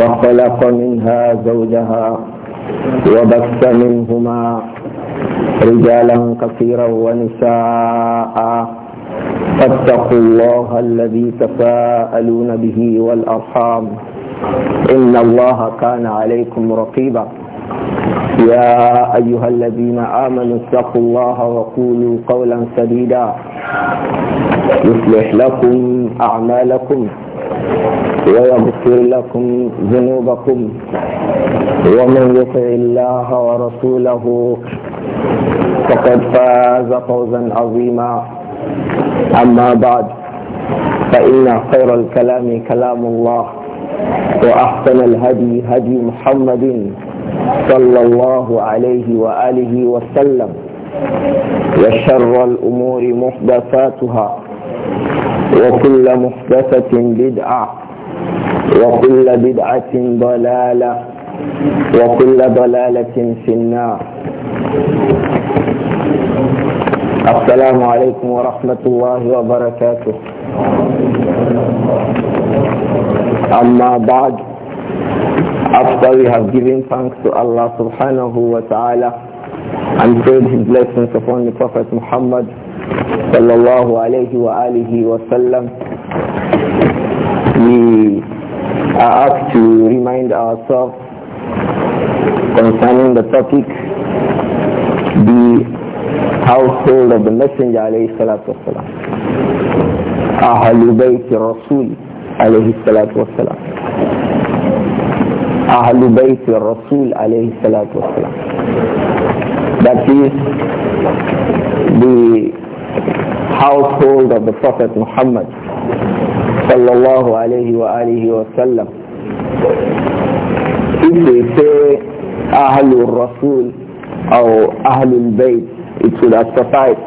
وخلق منها زوجها وبث منهما رجالا كثيرا ونساء فاتقوا الله الذي تساءلون به والأرحام إن الله كان عليكم رقيبا يا أيها الذين آمنوا اتقوا الله وقولوا قولا سديدا يصلح لكم أعمالكم ويغفر لكم ذنوبكم ومن يطع الله ورسوله فقد فاز فوزا عظيما أما بعد فإن خير الكلام كلام الله وأحسن الهدي هدي محمد صلى الله عليه وآله وسلم وشر الأمور محدثاتها وكل محدثة بدعة وكل بدعة ضلالة وكل ضلالة في النار السلام عليكم ورحمة الله وبركاته أما بعد After we have given thanks to Allah subhanahu wa ta'ala and prayed his blessings upon the Prophet Muhammad صلى الله عليه وآله وسلم we are asked to remind ourselves concerning the topic the household of the messenger عليه الصلاة والسلام أهل بيت الرسول عليه الصلاة والسلام أهل بيت الرسول عليه الصلاة والسلام That is the household of the Prophet Muhammad sallallahu alayhi wa alihi wa sallam. If we say Ahlul Rasul or Ahlul Bayt, it should have sufficed.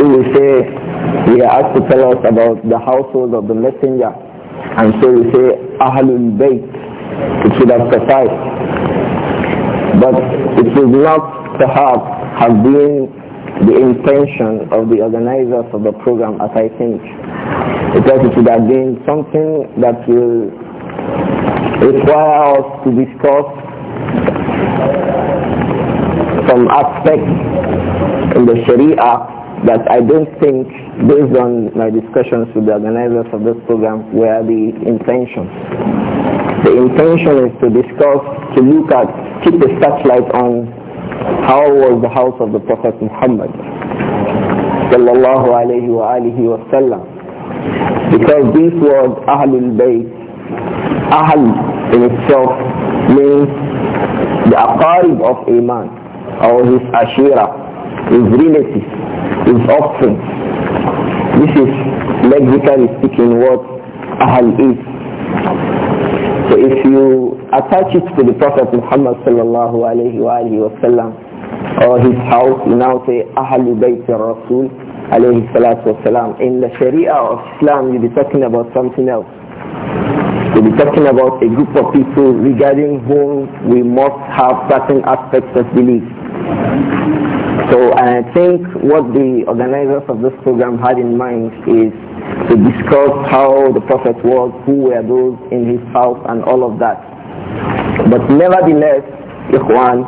If we say we are asked to tell us about the household of the Messenger, and so we say Ahlul Bayt, it should have sufficed. But it should not perhaps have been the intention of the organizers of the program, as I think, because it would have been something that will require us to discuss some aspects in the Sharia that I don't think, based on my discussions with the organizers of this program, were the intention. The intention is to discuss, to look at, keep the searchlight on how was the house of the Prophet Muhammad? Sallallahu alayhi wa alihi wa sallam. Because this word Ahlul Bayt, Ahl in itself means the Aqarib of a man or his Ashira, his relatives, his offspring. This is lexically speaking what Ahl is. So if you attach it to the Prophet Muhammad sallallahu alayhi wa sallam, or his house, you now say Ahlul Bayt Rasul alayhi salatu wasalam. In the Sharia of Islam, you'll be talking about something else. We'll be talking about a group of people regarding whom we must have certain aspects of belief. So I think what the organizers of this program had in mind is to discuss how the Prophet was, who were those in his house and all of that. But nevertheless, Ikhwan,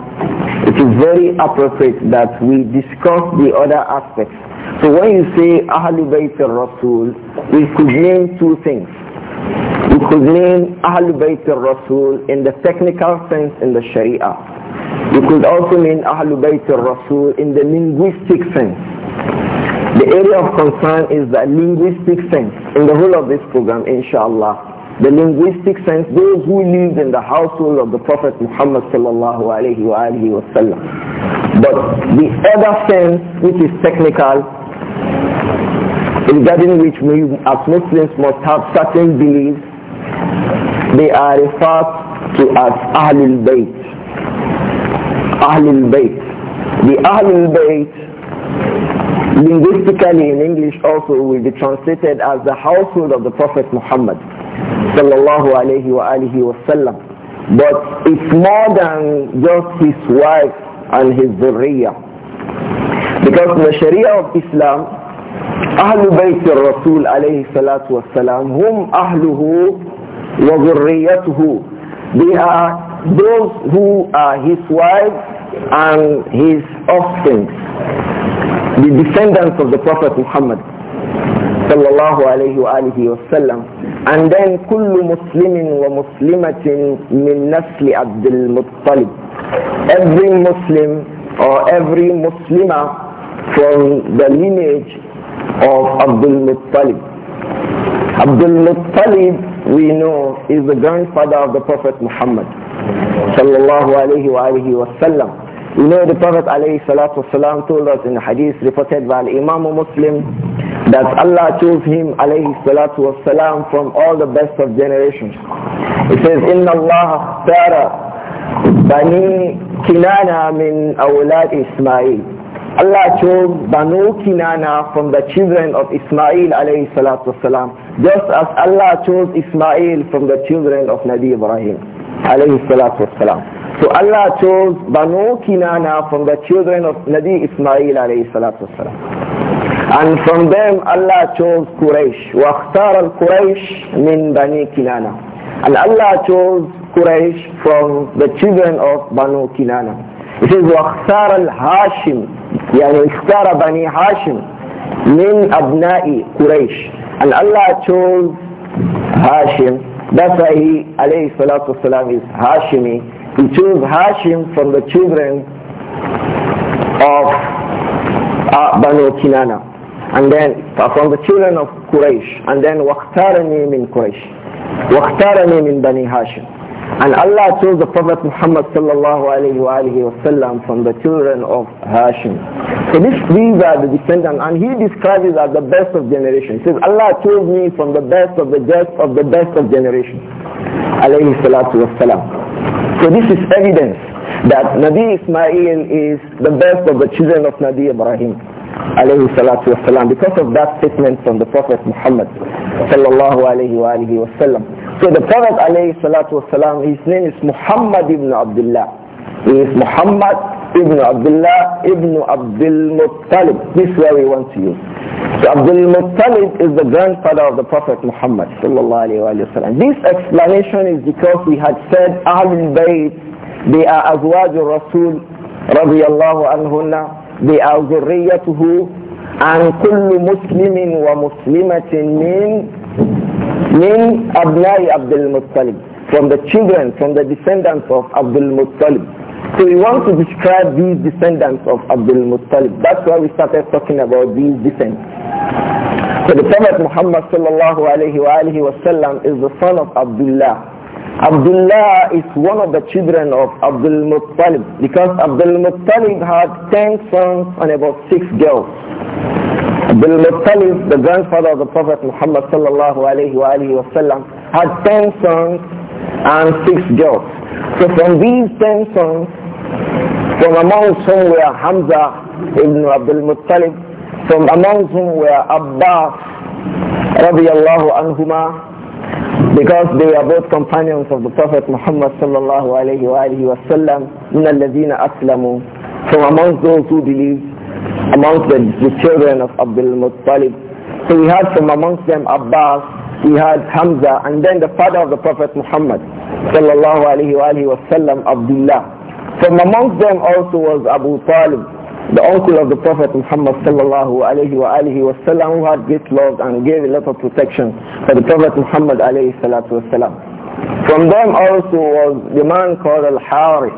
it is very appropriate that we discuss the other aspects. So when you say Ahlul Bayt al-Rasul, we could name two things. We could name Ahlul Bayt al-Rasul in the technical sense in the Sharia. We could also mean Ahlul Bayt al-Rasul in the linguistic sense. The area of concern is the linguistic sense in the whole of this program, inshallah the linguistic sense, those who lived in the household of the Prophet Muhammad sallallahu alaihi wasallam. But the other sense, which is technical, regarding which we as Muslims must have certain beliefs, they are referred to as Ahlul Bayt. Ahlul Bayt. The Ahlul Bayt, linguistically in English also, will be translated as the household of the Prophet Muhammad sallallahu alayhi wa alihi wasallam. But it's more than just his wife and his zuriyah, Because in the Sharia of Islam, Ahlul Bayt al-Rasul alayhi salatu wasalam, whom ahluhu wa zurriyatuhu. They are those who are his wife and his offspring, the descendants of the Prophet Muhammad sallallahu alayhi wa alihi wasallam. And then كل مسلم ومسلمة من نسل عبد المطلب. Every Muslim or every Muslimah from the lineage of Abdul Muttalib. Abdul Muttalib, we know, is the grandfather of the Prophet Muhammad sallallahu alayhi wa alihi wa You know the Prophet alayhi salatu wasalam told us in the hadith reported by Imam Muslim that Allah chose him alayhi salatu wasalam from all the best of generations. It says, Inna Allah اخْتَارَ bani Kinana min awlad Ismail. Allah chose Banu Kinana from the children of Ismail alayhi salatu wasalam, just as Allah chose Ismail from the children of Nabi Ibrahim alayhi salatu wasalam. So Allah chose Banu Kinana from the children of Nabi Ismail alayhi salatu wasalam. And from them Allah chose Quraysh. وَاخْتَارَ الْقُرَيْشِ مِنْ بَنِي كِنَانَةَ And Allah chose Quraysh from the children of Banu Kinana. It says وَاخْتَارَ الْهَاشِمِ يعني اختار بني هاشم من أبناء قريش and Allah chose Hashim that's why he alayhi salatu والسلام is Hashimi he chose Hashim from the children of uh, Banu Kinana and then from the children of Quraysh, and then waqtarani min Quraysh, waqtarani min Bani Hashim. And Allah chose the Prophet Muhammad sallallahu alayhi wa alayhi wasallam from the children of Hashim. So this, these are the descendants, and he describes it as the best of generation. He says, Allah chose me from the best of the best of the best of generation. Alayhi salatu wasalam. So this is evidence that Nabi Ismail is the best of the children of Nabi Ibrahim alayhi salatu wasalam because of that statement from the Prophet Muhammad sallallahu alayhi wa alihi wasallam. So the Prophet alayhi salatu wasalam, his name is Muhammad ibn Abdullah. He is Muhammad ibn Abdullah ibn Abdul Muttalib. This is where we want to use. So Abdul Muttalib is the grandfather of the Prophet Muhammad sallallahu alayhi wa sallam. This explanation is because we had said Ahlul Bayt, they are Azwajul Rasul radiyallahu anhunna they are ذريته and كل مسلم ومسلمة من من أبناء عبد المطلب from the children, from the descendants of Abdul Muttalib. So we want to describe these descendants of Abdul Muttalib. That's why we started talking about these descendants. So the Prophet Muhammad sallallahu alayhi wa is the son of Abdullah. Abdullah is one of the children of Abdul Muttalib because Abdul Muttalib had 10 sons and about 6 girls. Abdul Muttalib, the grandfather of the Prophet Muhammad sallallahu alayhi wa alayhi wa sallam, had 10 sons and 6 girls. So from these 10 sons, from among whom were Hamza ibn Abdul Muttalib, from among whom were Abbas radiallahu anhumah, because they were both companions of the Prophet Muhammad sallallahu alayhi wa alihi wa sallam from amongst those who believe amongst the, the children of Abdul Muttalib so we had from amongst them Abbas we had Hamza and then the father of the Prophet Muhammad sallallahu alayhi wa wa sallam Abdullah from amongst them also was Abu Talib the uncle of the Prophet Muhammad sallallahu alayhi wa alihi wasallam who had great love and gave a lot of protection for the Prophet Muhammad alayhi salatu wasallam. From them also was the man called Al-Harith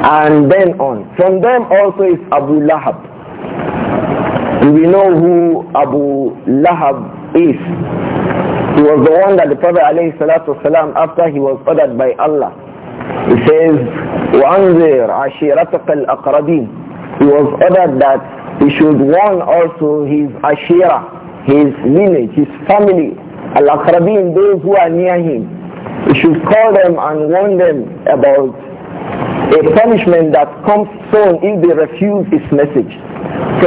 and then on. From them also is Abu Lahab. We know who Abu Lahab is. He was the one that the Prophet alayhi salatu wasallam after he was ordered by Allah. He says, وَأَنْذِرْ عَشِيرَتَكَ الْأَقْرَبِينَ it was ordered that he should warn also his ashira, his village, his family, al-akrabin, those who are near him. He should call them and warn them about a punishment that comes soon if they refuse his message.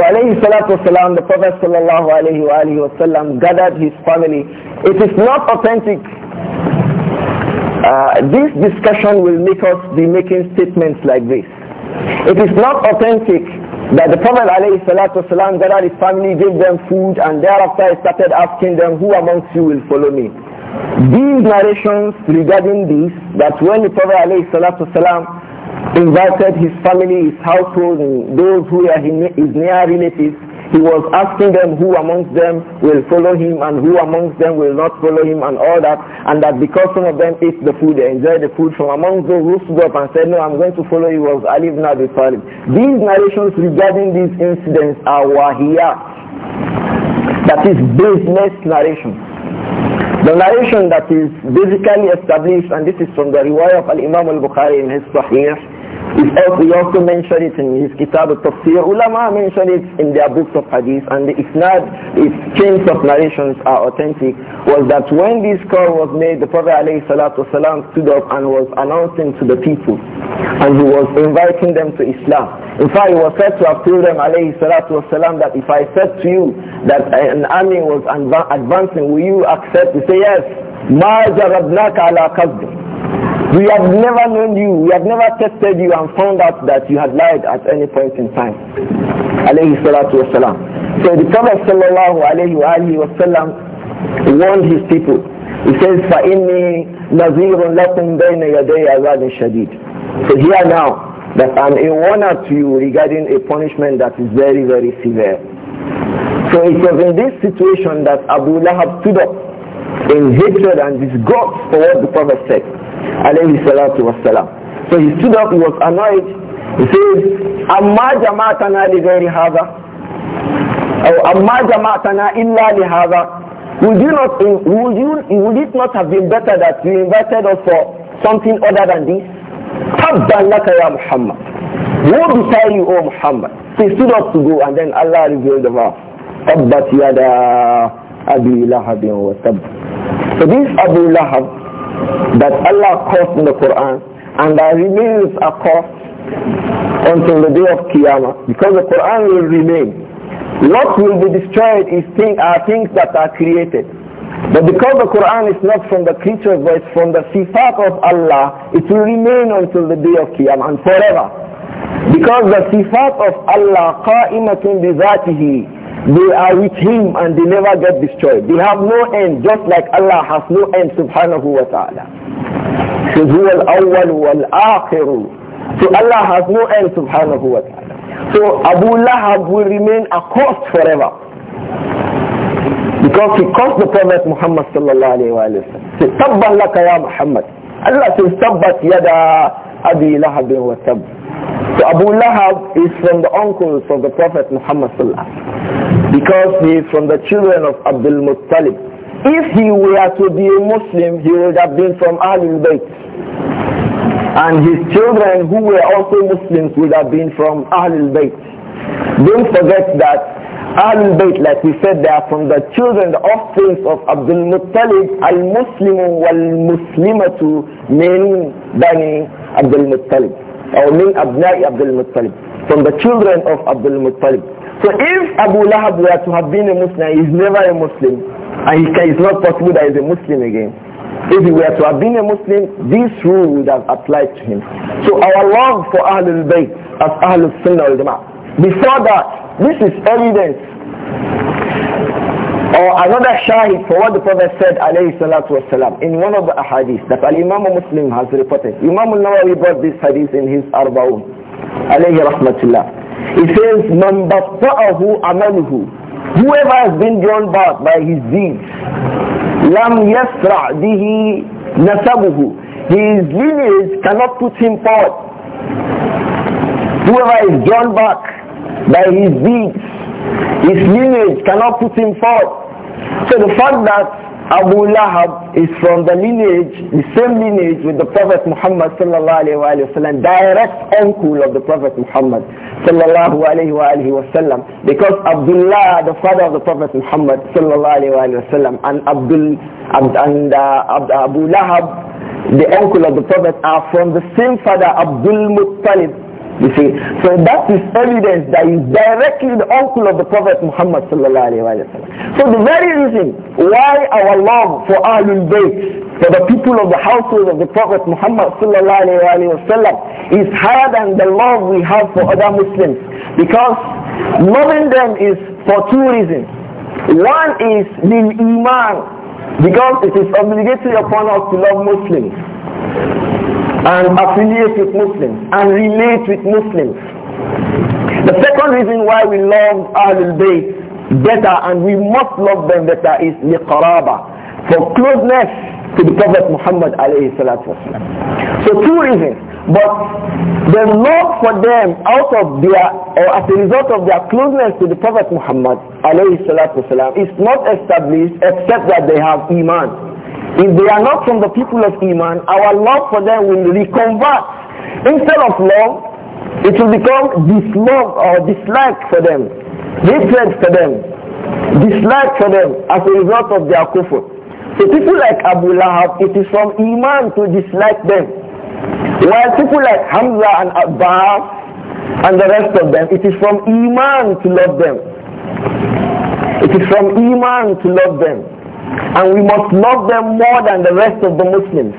So alayhi salatu wasalam, the Prophet sallallahu alayhi wa alayhi wasalam gathered his family. It is not authentic. Uh, this discussion will make us be making statements like this. It is not authentic that the Prophet ﷺ gathered his family, gave them food, and thereafter he started asking them, who amongst you will follow me? These narrations regarding this, that when the Prophet ﷺ invited his family, his household, and those who are his near relatives, he was asking them who amongst them will follow him and who amongst them will not follow him and all that. And that because some of them ate the food, they enjoyed the food from amongst those who stood up and said, no, I'm going to follow you was Ali ibn Abi Talib. These narrations regarding these incidents are wahiyah. That is business narration. The narration that is basically established, and this is from the riwayah of Al-Imam al-Bukhari in his Sahih, we also, he also mentioned it in his Kitab al-Tafsir. Ulama mentioned it in their books of hadith and if not, if chains of narrations are authentic, was that when this call was made, the Prophet ﷺ stood up and was announcing to the people and he was inviting them to Islam. In fact, he was said to have told them ﷺ that if I said to you that an army was advancing, will you accept? He said, yes. We have never known you. We have never tested you and found out that you had lied at any point in time. Alayhi salatu wasalam. So the Prophet sallallahu alayhi wa alayhi wasalam warned his people. He says, فَإِنِّي نَذِيرٌ لَكُمْ بَيْنَ يَدَيْ عَذَابٍ شَدِيدٍ So here now, that I'm a warner to you regarding a punishment that is very, very severe. So it was in this situation that Abu Lahab stood up in hatred and disgust for what the Prophet said. Alayhi salatu wassalam. So he stood up, he was annoyed. He says, Amma jama'atana li ghairi hadha. Or Amma jama'atana illa li hadha. Would you not, would you, would it not have been better that you invited us for something other than this? Tabban laka ya Muhammad. What beside you, O Muhammad. he stood up to go and then Allah revealed the verse. Tabbat yada abi lahabin wa tabbat. So this Abu Lahab that Allah caused in the Quran and that remains a cause until the day of Qiyamah because the Quran will remain. What will be destroyed is thing, are things that are created. But because the Quran is not from the creatures but it's from the sifat of Allah, it will remain until the day of Qiyamah and forever. Because the sifat of Allah qa'imatun bi they are with him and they never get destroyed. They have no end, just like Allah has no end, subhanahu wa ta'ala. So al-awwal wal So Allah has no end, subhanahu wa ta'ala. So Abu Lahab will remain accursed forever. Because he cursed the Prophet Muhammad sallallahu alayhi wa sallam. Say, Tabban laka ya Muhammad. Allah says, Tabbat yada Abi Lahab wa So Abu Lahab is from the uncles of the Prophet Muhammad sallallahu alayhi wa sallam because he is from the children of Abdul Muttalib. If he were to be a Muslim, he would have been from Ahlul Bayt. And his children who were also Muslims would have been from Ahlul Bayt. Don't forget that Ahlul Bayt, like we said, they are from the children, the offspring of Abdul Muttalib, al-Muslimu wal-Muslimatu min Bani Abdul Muttalib, or min Abnai Abdul Muttalib, from the children of Abdul Muttalib. So if Abu Lahab were to have been a Muslim, he is never a Muslim, and it's not possible that he is a Muslim again. If he were to have been a Muslim, this rule would have applied to him. So our love for Ahlul Bayt as Ahlul Sunnah al Jama'ah. Before that, this is evidence or another shahid for what the Prophet said alayhi salatu in one of the ahadith that al-Imam Muslim has reported. Imam al-Nawawi brought this hadith in his Arba'un alayhi rahmatullah. It says, "Mambasaahu amaluhu. Whoever has been drawn back by his deeds, lam yasra dihi nasabuhu. His lineage cannot put him forward. Whoever is drawn back by his deeds, his lineage cannot put him forward. So the fact that Abu Lahab is from the lineage, the same lineage with the Prophet Muhammad sallallahu alayhi wa sallam, direct uncle of the Prophet Muhammad sallallahu alayhi wa sallam. Because Abdullah, the father of the Prophet Muhammad sallallahu alayhi wa sallam, and, Abdul, Abd, and uh, Abd, Abu Lahab, the uncle of the Prophet, are from the same father, Abdul Muttalib you see, so that is evidence that is directly the uncle of the Prophet Muhammad sallallahu alaihi wasallam. So the very reason why our love for Ahlul Bayt, for the people of the household of the Prophet Muhammad sallallahu alaihi wasallam, is higher than the love we have for other Muslims. Because loving them is for two reasons. One is the iman, because it is obligatory upon us to love Muslims and affiliate with Muslims and relate with Muslims. The second reason why we love Ahlul Bayt better and we must love them better is liqaraba, for closeness to the Prophet Muhammad alayhi salatu So two reasons, but the love for them out of their, or as a result of their closeness to the Prophet Muhammad alayhi salatu is not established except that they have iman. If they are not from the people of Iman, our love for them will reconvert. Instead of love, it will become dislove or dislike for them, hatred for them, dislike for them as a result of their kufr. So people like Abu Lahab, it is from Iman to dislike them. While people like Hamza and Abbas and the rest of them, it is from Iman to love them. It is from Iman to love them. And we must love them more than the rest of the Muslims.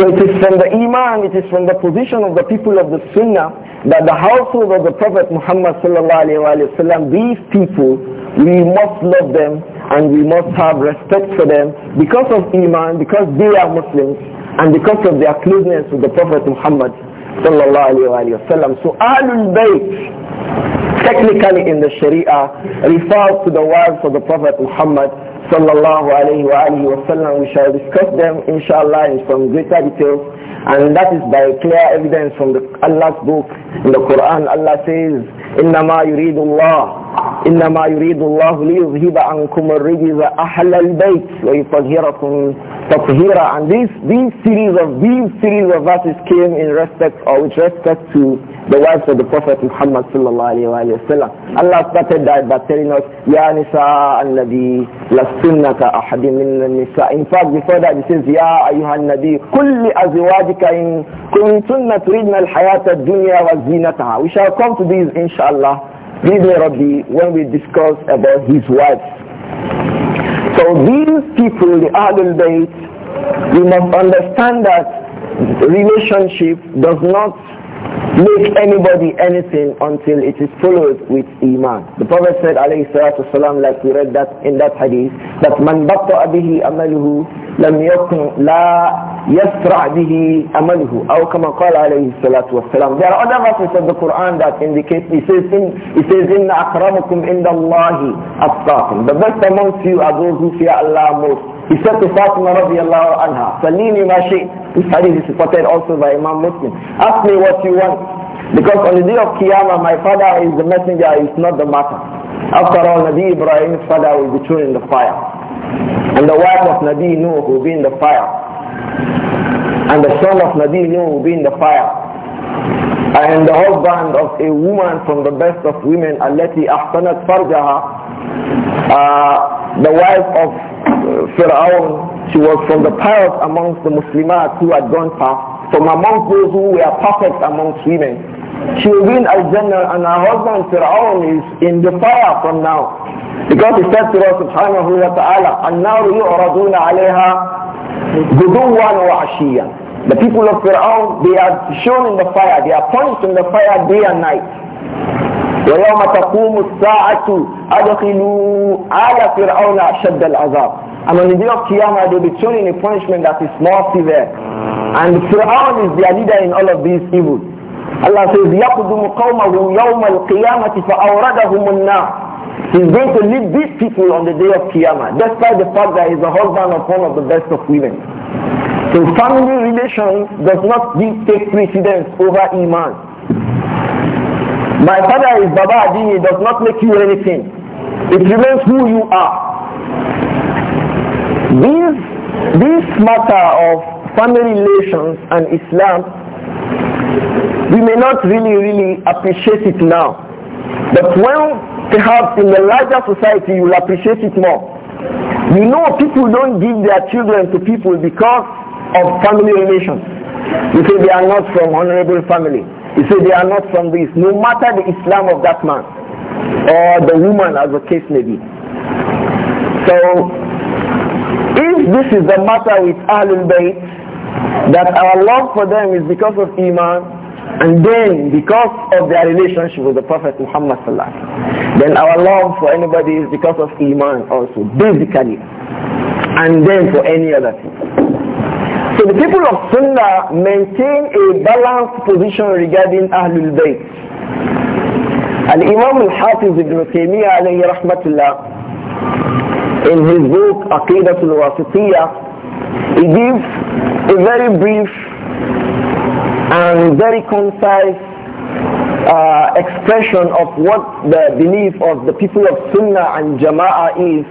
So it is from the Iman, it is from the position of the people of the Sunnah that the household of the Prophet Muhammad وسلم. these people, we must love them and we must have respect for them because of Iman, because they are Muslims and because of their closeness with the Prophet Muhammad sallallahu alayhi wa sallam. So Ahlul Bayt, technically in the Sharia, refers to the words of the Prophet Muhammad sallallahu alayhi wa sallam. We shall discuss them inshallah in some greater details and that is by clear evidence from the, Allah's book in the Quran. Allah says, إنما يريد الله إنما يريد الله ليذهب عنكم الرجز أهل البيت ويطهركم تطهيرا and this, this series of these series of verses came in respect or with respect to the wives of the Prophet Muhammad صلى الله عليه وآله وسلم Allah started that by telling us يا نساء النبي لستن كأحد من النساء in fact before that he says يا أيها النبي كل أزواجك إن كنتن تريدن الحياة الدنيا وزينتها we shall come to these إن شاء inshallah, Bidwe be when we discuss about his wives. So these people, the Ahlul Bayt, we must understand that relationship does not make anybody anything until it is followed with iman. The Prophet said, alayhi salatu salam, like we read that in that hadith, that man batta abihi amaluhu لم يكن لا يسرع به أمله أو كما قال عليه الصلاة والسلام There are other verses of the Quran that indicate He says in, he says, إن أكرمكم عند الله أتقاكم The best amongst you are those who fear Allah most He said to Fatima رضي الله عنها فليني ما شئت This hadith is reported also by Imam Muslim Ask me what you want Because on the day of Qiyamah, my father is the messenger, is not the matter. After all, Nabi Ibrahim's father will be thrown in the fire. And the wife of Nabi Nuh will be in the fire. And the son of Nabi Nuh will be in the fire. And the husband of a woman from the best of women, Alati Ahsanat Farjaha, uh, the wife of Fir'aun, she was from the pious amongst the Muslimat who had gone past, from amongst those who were perfect amongst women. She will be in Al-Jannah and her husband Fir'aun is in the fire from now. Because it says to us subhanahu wa ta'ala, النار يعرضون عليها غدوا وعشيا the people of Fir'aun, they are shown in the fire, they are punished in the fire day and night. ويوم تقوم الساعة أدخلوا على فرعون أشد العذاب. And on the day of Qiyamah, they'll be shown in a punishment that is more severe. And Fir'aun is their leader in all of these evils. Allah says, يقدم قومه يوم القيامة فأوردهم النار. He's going to lead these people on the day of Qiyamah, despite the fact that he's the husband of one of the best of women. So family relations does not take precedence over Iman. My father is Baba Adini does not make you anything. It remains who you are. This, this matter of family relations and Islam, we may not really, really appreciate it now. But when Perhaps in the larger society you will appreciate it more. You know people don't give their children to people because of family relations. You say they are not from honorable family. You say they are not from this. No matter the Islam of that man or the woman as the case may be. So if this is the matter with Ahlul Bayt, that our love for them is because of Iman, and then, because of their relationship with the Prophet Muhammad sallallahu then our love for anybody is because of Iman also, basically. And then for any other thing. So the people of Sunnah maintain a balanced position regarding Ahlul Bayt. Al-Imam Al-Hafiz Ibn Taymiyyah alayhi rahmatullah in his book Aqidatul Wasitiyah he gives a very brief and very concise uh, expression of what the belief of the people of Sunnah and Jama'ah is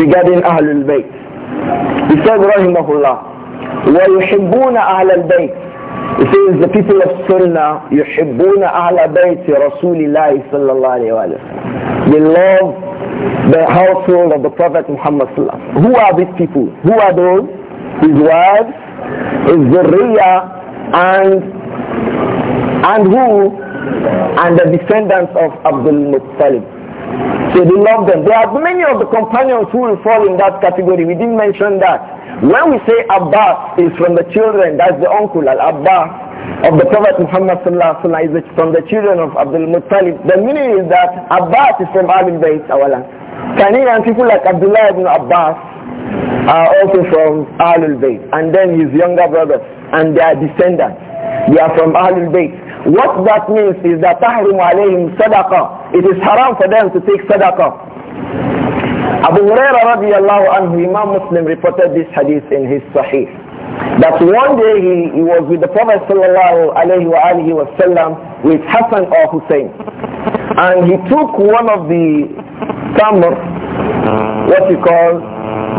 regarding Ahlul Bayt. He said, Rahimahullah, وَيُحِبُّونَ أَهْلَ الْبَيْتِ He says, the people of Sunnah, يُحِبُّونَ أَهْلَ بَيْتِ رَسُولِ اللَّهِ صَلَّى اللَّهُ عَلَيْهِ وَسَلَّمَ They love the household of the Prophet Muhammad Sallallahu Who are these people? Who are those? His wives, his zuriyah, and and who and the descendants of Abdul Muttalib. So they love them. There are many of the companions who will fall in that category. We didn't mention that. When we say Abbas is from the children, that's the uncle, Al-Abbas, of the Prophet Muhammad sallallahu alaihi wasallam is from the children of Abdul Muttalib. The meaning is that Abbas is from Ahlul Bayt, Awalan. Canadian people like Abdullah ibn Abbas are also from Al Bayt. And then his younger brothers and their descendants. They are from Ahlul Bayt. What that means is that tahrim alayhim sadaqah. It is haram for them to take sadaqah. Abu Huraira radiallahu anhu, Imam Muslim reported this hadith in his Sahih. That one day he, he was with the Prophet sallallahu alayhi wa alihi wasallam with Hassan or Hussein. And he took one of the tamr, what you call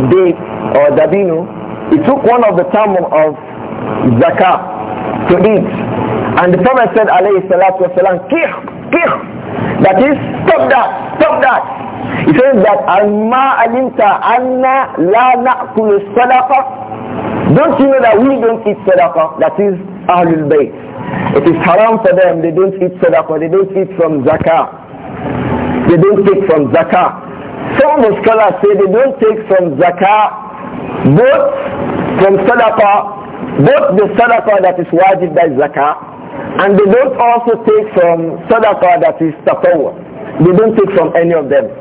date or dabino, he took one of the tamr of zakah, to eat. And the Prophet said, alayhi salatu wasalam, kih, kih. That is, stop that, stop that. He says that, Alma alimta anna la na'kulu sadaqa. Don't you know that we don't eat sadaqa? That is Ahlul Bayt. It is haram for them. They don't eat sadaqa. They don't eat from zakah. They don't take from zakah. Some of the scholars say they don't take from zakah, both from sadaqah both the sadaqah that is wajib, that is zakah, and they don't also take from sadaqah that is tatawwa. They don't take from any of them.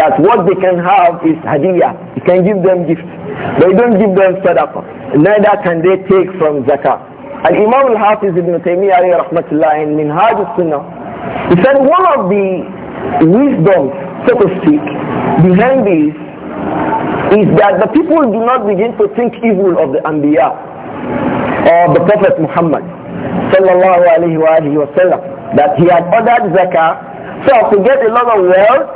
That what they can have is hadiyah. You can give them gifts. They don't give them sadaqah. Neither can they take from zakah. And Imam al-Hafiz ibn Taymiyyah alayhi rahmatullah in Minhaj al-Sunnah, he said one of the wisdoms, so to speak, behind this is that the people do not begin to think evil of the Anbiya or the Prophet Muhammad sallallahu alayhi wa alayhi wa sallam, that he had ordered zakah so to get a lot of wealth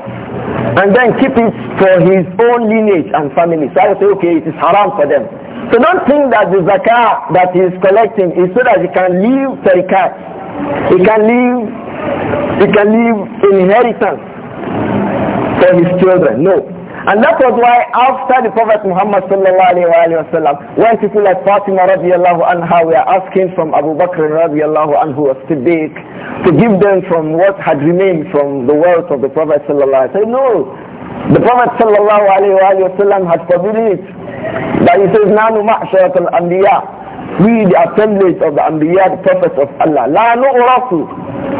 and then keep it for his own lineage and family. So I say, okay, it is haram for them. So don't think that the zakah that he is collecting is so that he can leave tariqat. He can leave, he can leave inheritance for his children. No. And that was why after the Prophet Muhammad sallallahu alayhi wa sallam, when people like Fatima radiallahu anha were asking from Abu Bakr radiallahu anhu as Siddiq to give them from what had remained from the wealth of the Prophet sallallahu alayhi wa sallam, no, the Prophet sallallahu alayhi wa sallam had forbidden it. That he says, نَانُ مَعْشَرَةَ الْأَنْبِيَاءِ we the assemblies of the Anbiya, the prophets of Allah. La nu'rasu.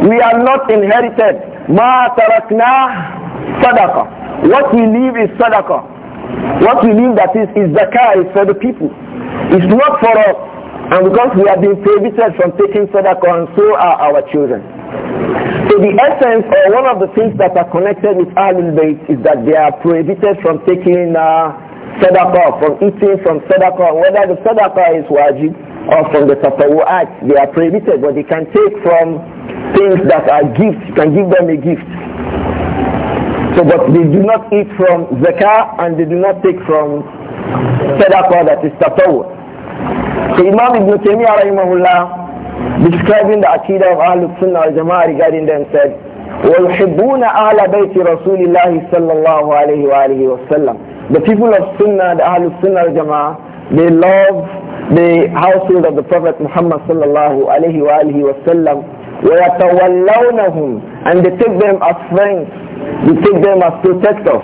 We are not inherited. Ma tarakna sadaqa. What we leave is sadaqa. What we leave that is, is zakah, is for the people. It's not for us. And because we have been prohibited from taking sadaqah and so are our children. So the essence or one of the things that are connected with Ahlul Bayt is that they are prohibited from taking uh, sadaqah, from eating from sadaqah, whether the sadaqah is wajib or from the tatawu'at, they are prohibited, but they can take from things that are gifts, you can give them a gift. So, but they do not eat from zakah and they do not take from sadaqah that is tatawu'at. So Imam Ibn Taymiyyah rahimahullah, describing the aqidah of Ahlul Sunnah al-Jama'ah regarding them said, ويحبون أهل بيت رسول الله صلى الله عليه وآله وسلم the people of Sunnah, the Ahlul Sunnah Jama'ah, they love the household of the Prophet Muhammad sallallahu alayhi wa alihi wa sallam and they take them as friends, they take them as protectors.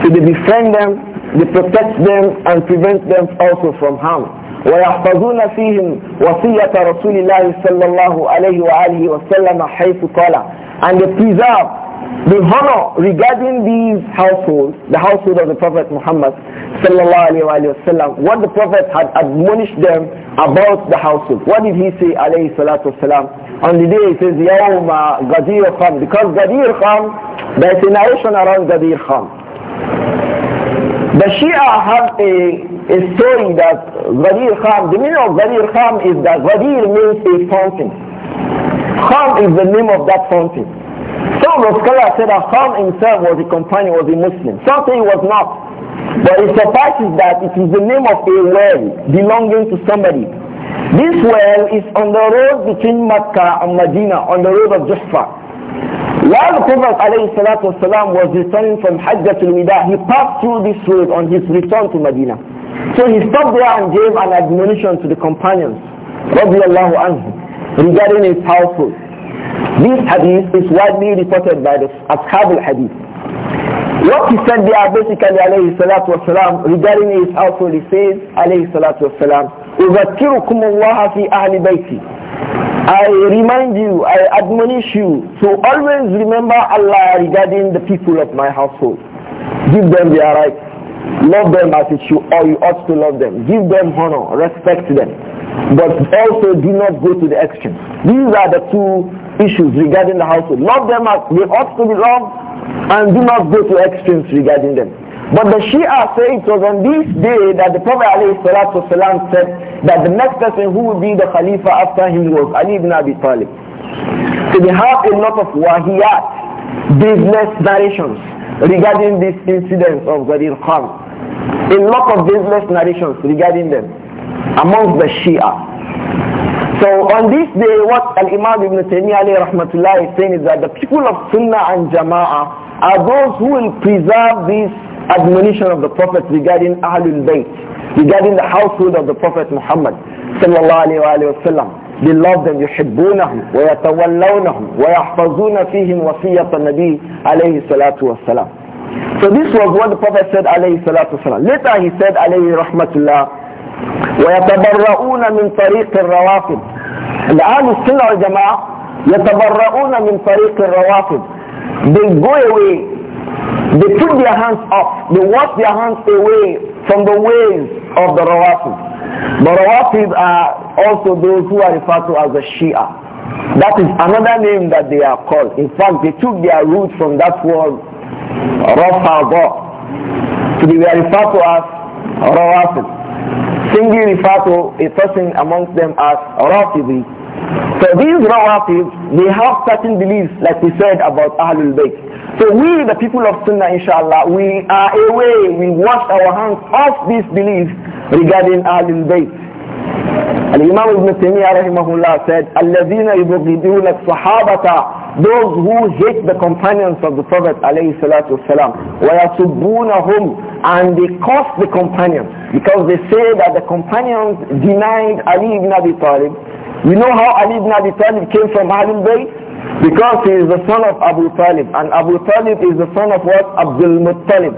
So they befriend them, they protect them and prevent them also from harm. ويحفظون فيهم وصية رسول الله صلى الله عليه وآله وسلم حيث قال and they preserve the honor regarding these households, the household of the Prophet Muhammad sallallahu wasallam, what the Prophet had admonished them about the household. What did he say alayhi salatu wasalam? On the day he says, Yawma Gadir Khan, because Gadir Khan, there is a narration around Gadir Khan. The Shia have a, a story that Gadir Khan, the meaning of Gadir Khan is that Gadir means a fountain. Khan is the name of that fountain. Some of the scholars that Sam himself was a companion, was a Muslim. Some say he was not. But it suffices that it is the name of a well belonging to somebody. This well is on the road between Makkah and Medina, on the road of Jaffa. While the Prophet والسلام, was returning from Hajjatul Wida, he passed through this road on his return to Medina. So he stopped there and gave an admonition to the companions anhu, regarding his household. This hadith is widely reported by the Ashab al-Hadith. What he said there basically alayhi salatu wasalam regarding his household he says alayhi salatu wasalam أذكركم الله في أهل بيتي I remind you, I admonish you to always remember Allah regarding the people of my household. Give them their rights Love them as it should, or you ought to love them. Give them honor, respect them. But also do not go to the extreme. These are the two issues regarding the household. Love them as they ought to be loved, and do not go to extremes regarding them. But the Shia say it was on this day that the Prophet ﷺ said that the next person who will be the Khalifa after him was Ali ibn Abi Talib. So they have a lot of wahiyat, business narrations regarding these incidents of Ghadir Khan. A lot of baseless narrations regarding them amongst the Shia. So on this day, what Al-Imam Ibn Taymiyyah rahmatullah is saying is that the people of Sunnah and Jama'ah are those who will preserve this admonition of the Prophet regarding Ahlul Bayt, regarding the household of the Prophet Muhammad sallallahu alayhi wa sallam. They love them يحبونهم ويتولونهم ويحفظون فيهم وصية النبي عليه الصلاة والسلام So this was what the Prophet said عليه الصلاة والسلام Later he said عليه رحمة الله ويتبرؤون من طريق الروافد الآن السنة جماعة يتبرؤون من طريق الروافد They go away They put their hands up. They wash their hands away from the ways of the Rawafid The Rawafid are also those who are referred to as the Shia. That is another name that they are called. In fact, they took their root from that word, Rafadha. So they were referred to as Rawafid. Singly referred to a person amongst them as Rafidi. So these Rawafid, they have certain beliefs, like we said about Ahlul Bayt. So we, the people of Sunnah, inshallah, we are away, we wash our hands off these beliefs regarding Ahlul Bayt. Al-Imam Ibn Taymiyyah rahimahullah said, الَّذِينَ يُبْغِدُونَ الصَّحَابَةَ Those who hate the companions of the Prophet alayhi salatu wasalam, وَيَسُبُّونَهُمْ And they curse the companions because they say that the companions denied Ali ibn Abi Talib. You know how Ali ibn Abi Talib came from Ahlul Bayt? Because he is the son of Abu Talib and Abu Talib is the son of what? Abdul Muttalib.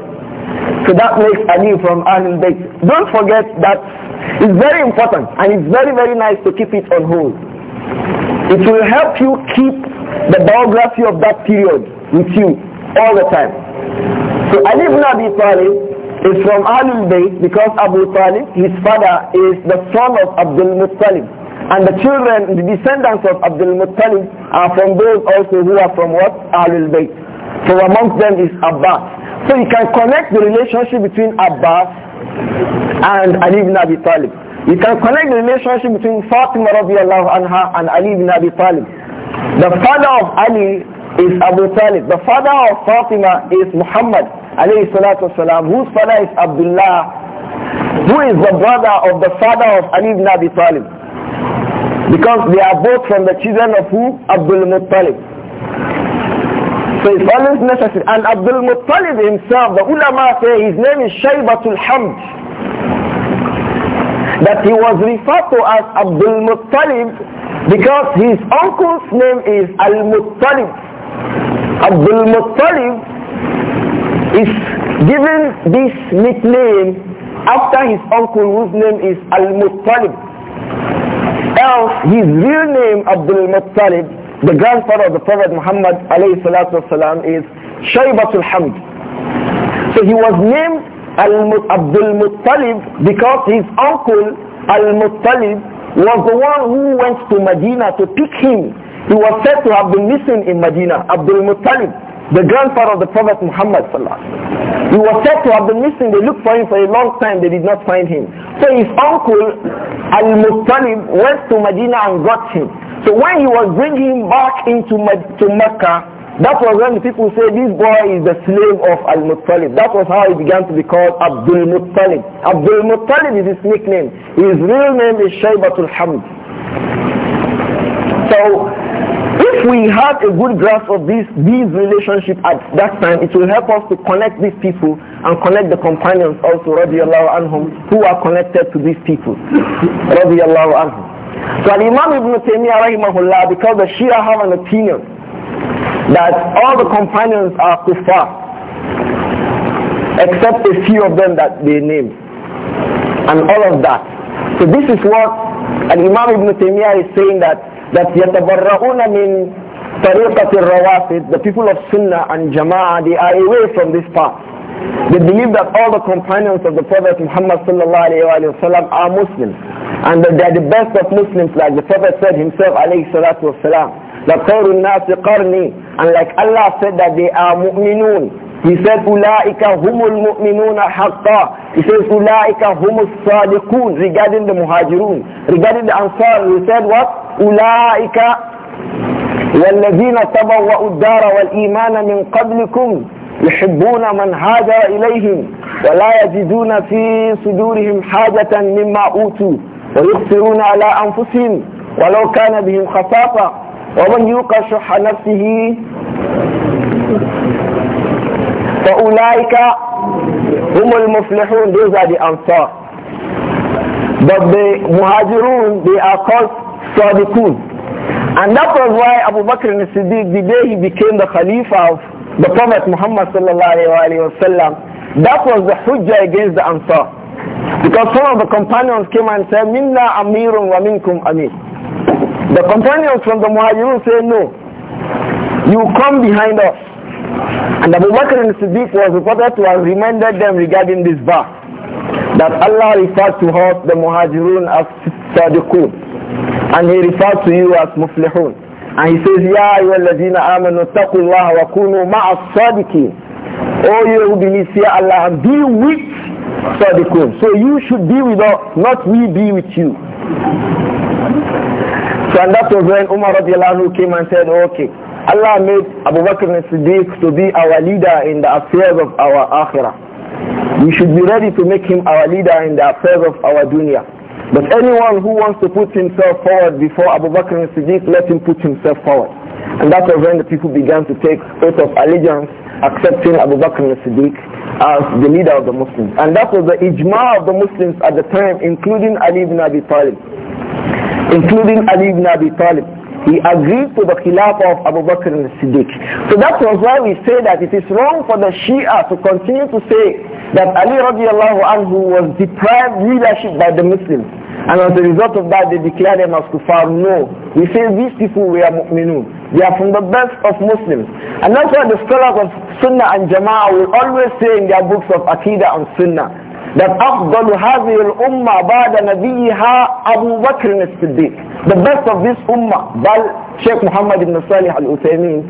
So that makes Ali from Ahlul Bayt. Don't forget that it's very important and it's very, very nice to keep it on hold. It will help you keep the biography of that period with you all the time. So Ali ibn Abi Talib is from Ahlul Bayt because Abu Talib, his father, is the son of Abdul Muttalib. And the children, the descendants of Abdul Muttalib are from those also who are from what? Ahlul Bayt. So amongst them is Abbas. So you can connect the relationship between Abbas and Ali ibn Abi Talib. You can connect the relationship between Fatima radiallahu anha and Ali ibn Abi Talib. The father of Ali is Abu Talib. The father of Fatima is Muhammad alayhi salatu wasalam, whose father is Abdullah, who is the brother of the father of Ali ibn Abi Talib. Because they are both from the children of who? Abdul Muttalib. So it's always necessary. And Abdul Muttalib himself, the ulama say his name is Shaybatul Hamd. That he was referred to as Abdul Muttalib because his uncle's name is Al-Muttalib. Abdul Muttalib is given this nickname after his uncle whose name is Al-Muttalib. Else his real name Abdul Muttalib the grandfather of the Prophet Muhammad والسلام, is Shaybatul Hamd. So he was named Abdul Muttalib because his uncle Al-Muttalib was the one who went to Medina to pick him. He was said to have been missing in Medina, Abdul Muttalib, the grandfather of the Prophet Muhammad He was said to have been missing. They looked for him for a long time. They did not find him. So his uncle Al-Muttalib went to Medina and got him. So when he was bringing him back into to Mecca, that was when the people said this boy is the slave of Al-Muttalib. That was how he began to be called Abdul Muttalib. Abdul Muttalib is his nickname. His real name is Shaybatul Hamd. So if we have a good grasp of this, these relationship at that time, it will help us to connect these people and connect the companions also, radiallahu anhum, who are connected to these people, radiallahu anhum. So Imam Ibn Taymiyyah rahimahullah, because the Shia have an opinion that all the companions are kuffar, except a few of them that they named, and all of that. So this is what an Imam Ibn Taymiyyah is saying that that يتبرؤون من طريقة rawafid, the people of Sunnah and Jama'ah, they are away from this path. They believe that all the companions of the Prophet Muhammad sallallahu are Muslims. And that they are the best of Muslims like the Prophet said himself alayhi salatu wasalam. لَقَوْرُ And like Allah said that they are mu'minun. He said, Ulaika humul mu'minuna haqqa. He says, Ulaika humus sadiqun regarding the muhajirun. Regarding the ansar, he said what? Ulaika والذين تبوأوا الدار والإيمان من قبلكم يحبون من هاجر إليهم ولا يجدون في صدورهم حاجة مما أوتوا ويؤثرون على أنفسهم ولو كان بهم خصاصة ومن يوق شح نفسه فأولئك هم المفلحون دوزا دي أنصار but the muhajirun they are called صادقون and that was why Abu Bakr al-Siddiq the day he became the Khalifa of the Prophet Muhammad وسلم. that was the hujjah against the Ansar. Because some of the companions came and said, Minna amirun wa minkum amir. The companions from the Muhajirun said, no, you come behind us. And Abu Bakr and Siddiq was reported to have reminded them regarding this verse that Allah referred to us, the Muhajirun, as Sadiqun. And He referred to you as Muflihun. And he says, Ya ayyuhalladhina amanu taqullaha wa kunu ma'as sadiqin. Oh, you who believe, fear Allah and be with sadiqun. So you should be with us, not we be with you. So and that was when Umar radiallahu came and said, okay, Allah made Abu Bakr and Siddiq to be our leader in the affairs of our akhirah. We should be ready to make him our leader in the affairs of our dunya. But anyone who wants to put himself forward before Abu Bakr and Siddiq, let him put himself forward. And that was when the people began to take oath of allegiance, accepting Abu Bakr and Siddiq as the leader of the Muslims. And that was the ijma of the Muslims at the time, including Ali ibn Abi Talib. Including Ali ibn Abi Talib. He agreed to the Khilafah of Abu Bakr al-Siddiq. So that was why we say that it is wrong for the Shia to continue to say that Ali radiallahu anhu was deprived leadership by the Muslims. And as a result of that, they declare them as kufar. No. We say these people were mu'minun. They are from the best of Muslims. And that's why the scholars of Sunnah and Jama'ah will always say in their books of Aqidah and Sunnah that أفضل هذه الأمة بعد نبيها أبو بكر الصديق the best of this ummah بل شيخ محمد بن صالح الأثيمين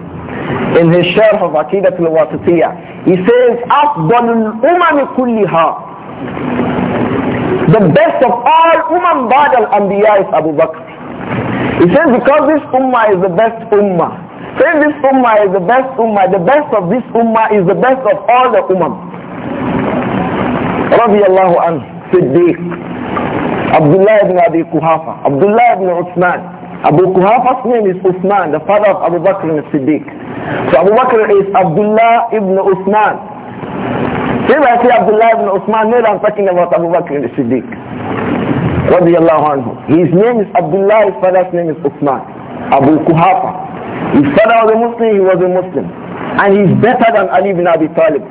in his شرح of عقيدة الواسطية he says أفضل الأمم كلها the best of all umam بعد الأنبياء is Abu Bakr he says because this أمة is the best أمة. Say this ummah is the best ummah, the best of this ummah is the best of all the ummah. رضي الله عنه صديق عبد الله بن أبي كهافة عبد الله بن عثمان Abu Kuhafa's name is Uthman, the father of Abu Bakr as-Siddiq. So Abu Bakr is Abdullah ibn Uthman. If I say Abdullah ibn Uthman, know I'm talking about Abu Bakr as-Siddiq. Radiallahu anhu. His name is Abdullah, his father's name is Uthman. Abu Kuhafa. His father was a Muslim, he was a Muslim. And he's better than Ali ibn Abi Talib.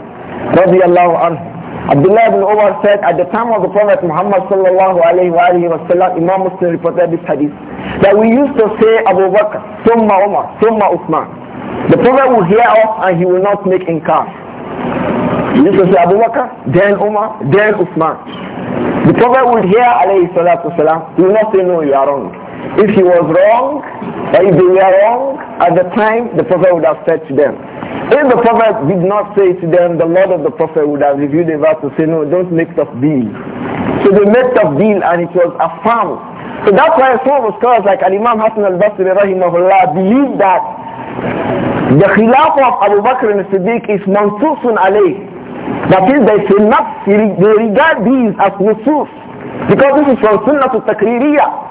Radiallahu anhu. Abdullah ibn Umar said, at the time of the Prophet Muhammad sallallahu alayhi wa alayhi wa sallam, Imam Muslim reported this hadith, that we used to say Abu Bakr, Summa Umar, Summa Uthman. The Prophet will hear us and he will not make inkar. We used to say Abu Bakr, then Umar, then Uthman. The Prophet will hear alayhi salatu salam, he will not say no, you are wrong. If he was wrong, or if they were wrong at the time, the Prophet would have said to them. If the Prophet did not say to them, the Lord of the Prophet would have reviewed the verse to say, no, don't make tough deal. So they made tough deal and it was affirmed. So that's why some of the scholars like Al-Imam Hassan al-Basri rahimahullah believe that the Khilafah of Abu Bakr and siddiq is mansusun alayh. That is, they say not, they regard these as nusus. Because this is from Sunnah to Takririya.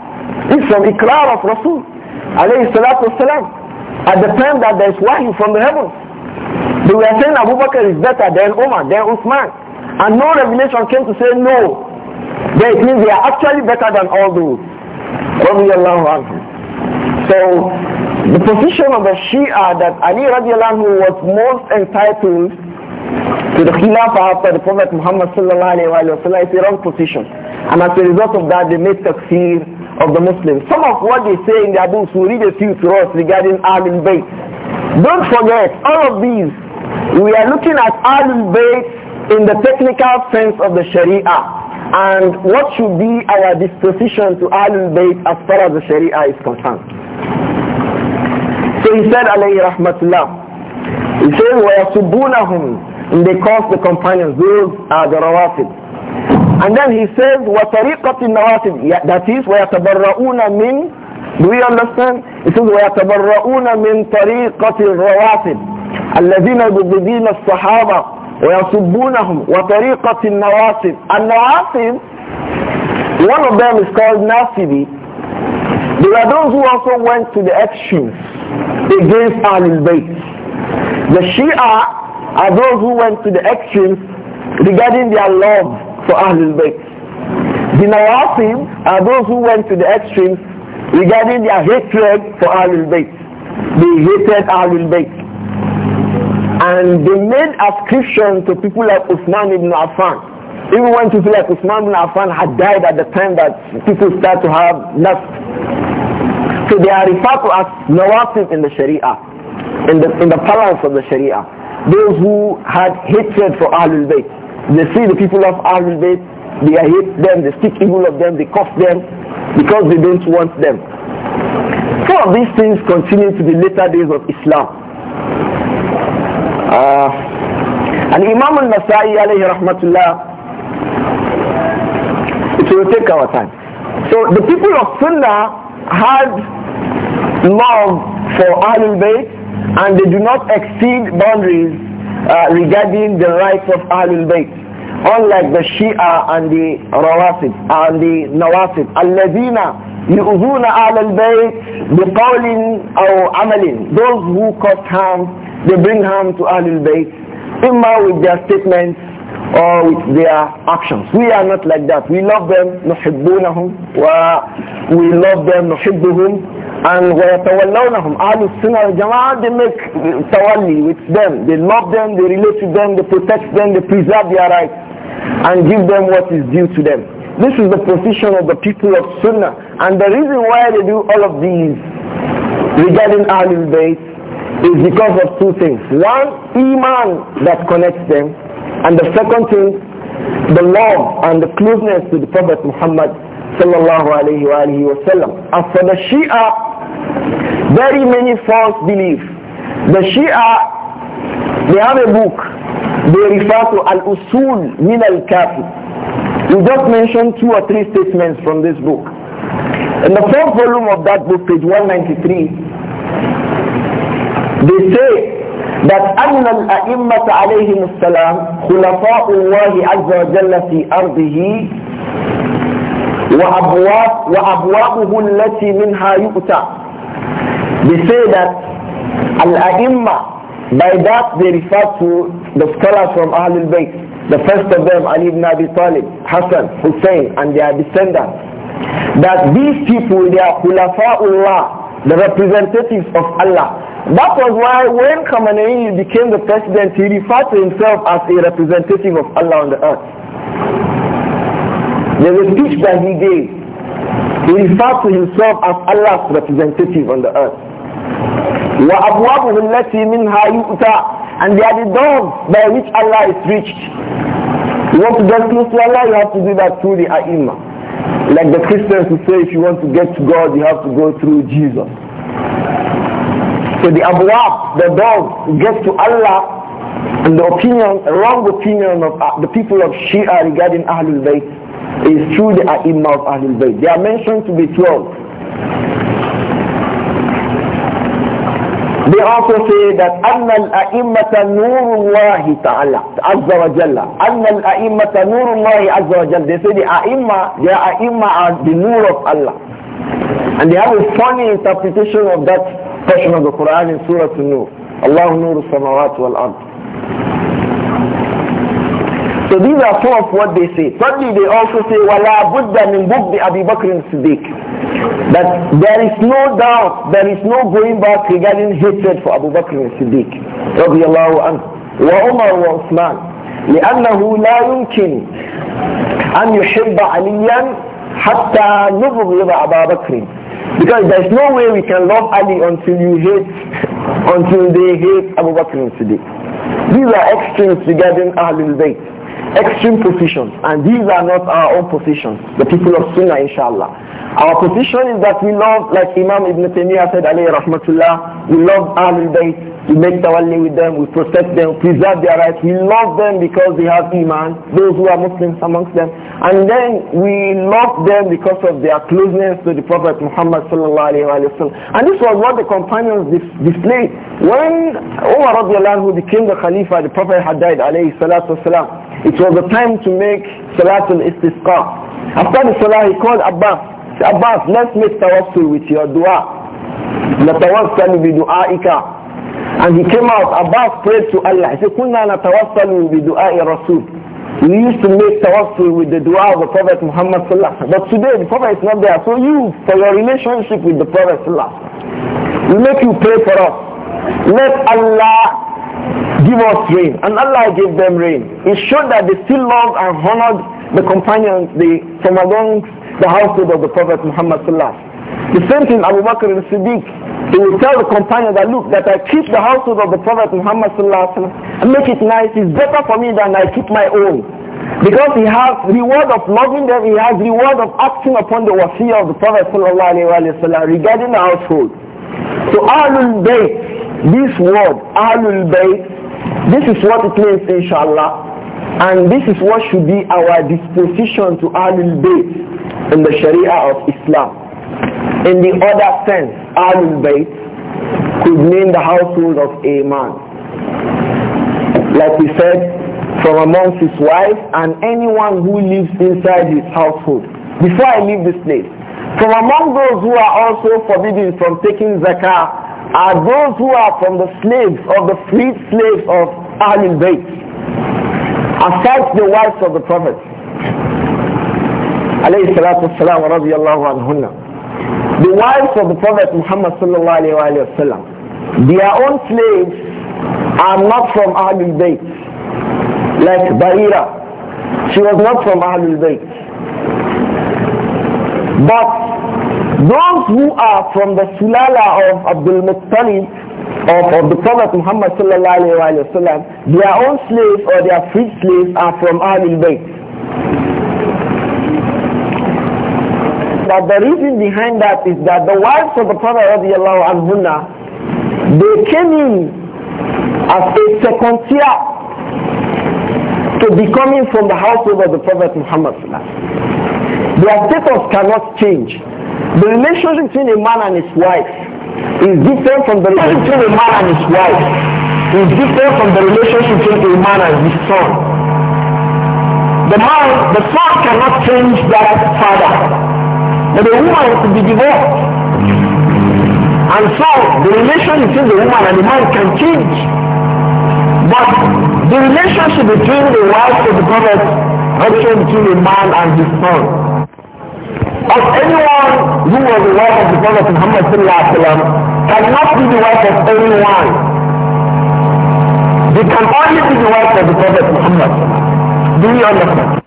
It's from Ikrar of Rasul alayhi salatu wasalam at the time that there is wahi from the heavens. They were saying Abu Bakr is better than Umar, than Uthman. And no revelation came to say no. That means they are actually better than all those. So the position of the Shia that Ali radiallahu Anhu, was most entitled to the Khilafah after the Prophet Muhammad sallallahu alayhi wa sallam is a wrong position. And as a result of that they made takfir of the Muslims. Some of what they say in their books, we read a few to us regarding Ahlul Bayt. Don't forget, all of these, we are looking at Ahlul Bayt in the technical sense of the Sharia and what should be our disposition to Ahlul Bayt as far as the Sharia is concerned. So he said, alayhi rahmatullah, he said, وَيَصُبُّونَهُمْ And they cause the companions, those are the rawafid. And then he says, وَطَرِيقَةِ النَّوَاتِبِ yeah, That is, وَيَتَبَرَّؤُونَ مِنْ Do you understand? It says, وَيَتَبَرَّؤُونَ مِنْ طَرِيقَةِ الرَّوَاتِبِ الَّذِينَ يُبِدِينَ الصَّحَابَةِ وَيَصُبُّونَهُمْ وَطَرِيقَةِ النَّوَاتِبِ النَّوَاتِب One of them is called Nasibi. There are those who also went to the extremes. against Ahlul Bayt. The Shia are those who went to the extremes regarding their love for Ahlul Bayt. The Nawasim are those who went to the extremes regarding their hatred for Ahlul Bayt. They hated Ahlul Bayt. And they made ascription to people like Uthman ibn Affan. Even when people like Uthman ibn Affan had died at the time that people start to have lust, So they are referred to as Nawasib in the Sharia, in the, in the parlance of the Sharia. Those who had hatred for Ahlul Bayt. They see the people of al Bayt, they hate them, they speak evil of them, they curse them because they don't want them. Some of these things continue to the later days of Islam. Uh, and Imam al-Nasai alayhi rahmatullah, it will take our time. So the people of Sunnah had love for Ahlul Bayt and they do not exceed boundaries uh, regarding the rights of Ahlul Bayt. Unlike the Shia and the Rawasid and the Nawasid. Al-Ladina يؤذون أهل البيت بقول أو those who cause harm they bring harm to أهل Bayt, إما with their statements or with their actions. We are not like that. We love them, نحبونهم we love them, نحبهم and ويتولونهم أهل السنة والجماعة they make tawalli with them. They love them, they relate to them, they protect them, they preserve their rights and give them what is due to them. This is the position of the people of Sunnah. And the reason why they do all of these regarding Ahlul Bayt is because of two things. One, Iman that connects them and the second thing, the love and the closeness to the Prophet Muhammad sallallahu alayhi wa alayhi wa sallam. As for the Shia, very many false beliefs. The Shia, they have a book. They refer to Al-Usul min al-Kafi. We just mentioned two or three statements from this book. In the fourth volume of that book, page 193, they say that أن الأئمة عليهم السلام خلفاء الله عز وجل في أرضه وأبواب وأبوابه التي منها يؤتى They say that al ai by that they refer to the scholars from Ahlul Bayt, the first of them Ali ibn Abi Talib, Hassan, Hussein and their descendants, that these people they are Khulafa'ullah, the representatives of Allah. That was why when Khamenei became the president, he referred to himself as a representative of Allah on the earth. There's a speech that he gave. He referred to himself as Allah's representative on the earth. وَأَبْوَابُهُ الَّتِي مِنْهَا يُؤْتَى And they are the doors by which Allah is reached. You want to get close to Allah, you have to do that through the ai Like the Christians who say if you want to get to God, you have to go through Jesus. So the abwab, the dog, gets to Allah and the opinion, wrong opinion of uh, the people of Shia regarding Ahlul Bayt is through the Imam of Ahlul Bayt. They are mentioned to be 12. They also say that أن الأئمة نور الله تعالى عز وجل أن الأئمة نور الله عز وجل They say the Aimma, the Aimma are the nur of Allah. And they have a funny interpretation of that تشمل of سورة النور الله نور السماوات والأرض So these are two of what they say. Thirdly, they also say, وَلَا بُدَّ مِنْ بُغْضِ أَبِي بَكْرٍ صِدِّيقٍ That there is no doubt, there is no going back regarding hatred for Abu Bakr al siddiq رضي الله عنه وعمر وعثمان لأنه لا يمكن أن يحب عليا حتى نبغض أبا بكر Because there is no way we can love Ali until you hate, until they hate Abu Bakr today. These are extremes regarding Ahlul Bayt. Extreme positions. And these are not our own positions. The people of Sunnah, inshallah. Our position is that we love, like Imam Ibn Taymiyyah said, Ali, rahmatullah, we love Ahlul Bayt we make tawalli with them, we protect them, preserve their rights. We love them because they have iman, those who are Muslims amongst them. And then we love them because of their closeness to the Prophet Muhammad And this was what the companions displayed. When Umar radiallahu who became the Khalifa, the Prophet had died alayhi salatu wasalam. It was the time to make Salatul Istisqa. After the Salah, he called Abbas. Abbas, let's make tawassul with your dua. نتوسل بدعائك and he came out, Abbas prayed to Allah. He said, we used to make tawassul with the dua of the Prophet Muhammad sallallahu alaihi wasallam. But today the Prophet is not there. So you, for your relationship with the Prophet sallallahu alaihi wasallam, we make you pray for us. Let Allah give us rain. And Allah gave them rain. It showed that they still loved and honored the companions from amongst the household of the Prophet Muhammad sallallahu alaihi wasallam. The same thing Abu Bakr al siddiq he will tell the companion that look, that I keep the household of the Prophet Muhammad and make it nice It's better for me than I keep my own. Because he has reward of loving them, he has reward of acting upon the wasiyah of the Prophet regarding the household. So Ahlul Bayt, this word, Ahlul Bayt, this is what it means inshallah. And this is what should be our disposition to Ahlul Bayt in the Sharia of Islam. In the other sense, al Bayt could mean the household of a man. Like we said, from amongst his wife and anyone who lives inside his household. Before I leave this place, from among those who are also forbidden from taking zakah are those who are from the slaves of the freed slaves of Ahlul Bayt, aside the wives of the Prophet. The wives of the Prophet Muhammad sallallahu alayhi wa sallam, their own slaves are not from Ahlul Bayt. Like Bahira, she was not from Ahlul Bayt. But those who are from the Sulala of Abdul Muttalib, of, of the Prophet Muhammad sallallahu alayhi wa sallam, their own slaves or their free slaves are from Ahlul Bayt. that the reason behind that is that the wives of the Prophet radiallahu anhunna, they came in as a second tier to be coming from the household of the Prophet Muhammad Their status cannot change. The relationship between a man and his wife is different from the relationship between a man and his wife is different from the relationship between a man and his son. The man, the son cannot change that father. But the woman was to be divorced. And so the relation between the woman and the man can change. But the relationship between the wife and the prophet, relation between the man and his son. Of anyone who was the wife of the Prophet Muhammad cannot be the wife of anyone. They can only be the wife of the Prophet Muhammad. Do you understand?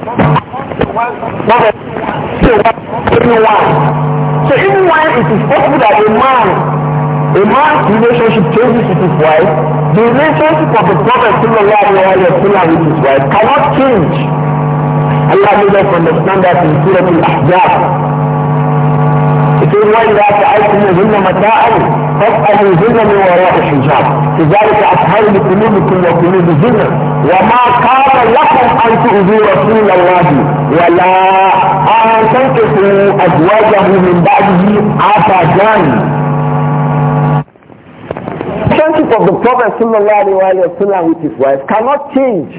So even when it is possible that a man, a man's relationship changes with his wife, the relationship of the Prophet sallallahu alaihi wasallam with his wife cannot change. Allah made us understand that in Surah Al-Ahzab. تقول وإذا سألتموهن متاعا فاسألوهن من وراء الحجاب لذلك أطهر لقلوبكم وقلوبهن وما كان لكم أن تؤذوا رسول الله ولا أن تنكحوا أزواجه من بعده أبدا Friendship of the Prophet sallallahu alayhi wa sallam with his wife cannot change.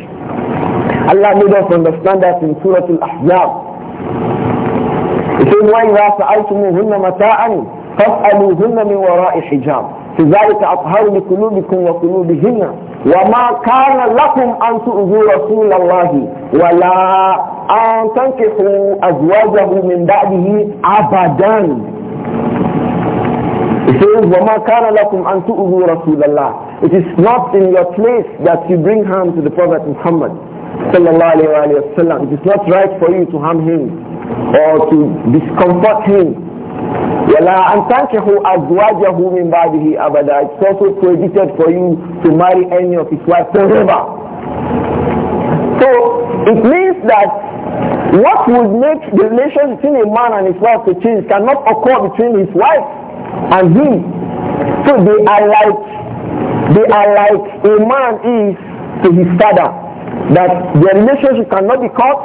Allah made us understand that in Surah Al-Ahzab. يقول وإذا سألتموهن متاعا فاسألوهن من وراء حجاب في ذلك أطهر لقلوبكم وقلوبهن وما كان لكم أن تؤذوا رسول الله ولا أن تنكحوا أزواجه من بعده أبدا It وَمَا كَانَ لَكُمْ أَن تُؤْذُوا رَسُولَ اللَّهِ It is not in your place that you bring harm to the Prophet Muhammad sallallahu alayhi wa sallam. It is not right for you to harm him. or to discomfort him. وَلَا أَنْ تَنْكِحُوا who مِنْ بَعْدِهِ أَبَدًا It's also prohibited for you to marry any of his wives forever. So it means that what would make the relation between a man and his wife to change cannot occur between his wife and him. So they are like they are like a man is to his father. That their relationship cannot be cut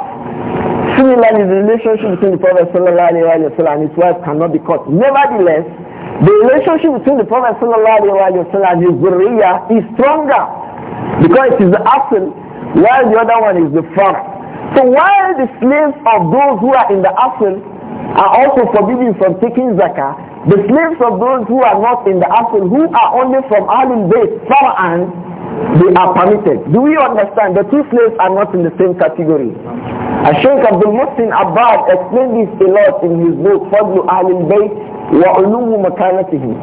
Similarly, the relationship between the Prophet وسلم, and his wife cannot be cut. Nevertheless, the relationship between the Prophet وسلم, and his Zuriya is stronger because it is the asl while the other one is the far. So while the slaves of those who are in the asl are also forbidden from taking zakah, the slaves of those who are not in the asl, who are only from Alim Bayt, and they are permitted. Do we understand? The two slaves are not in the same category. Sheikh Abdul Muslim Abbad explained this a lot in his book Fadlu Ahlul Bayt wa Ulumu Makanatihim.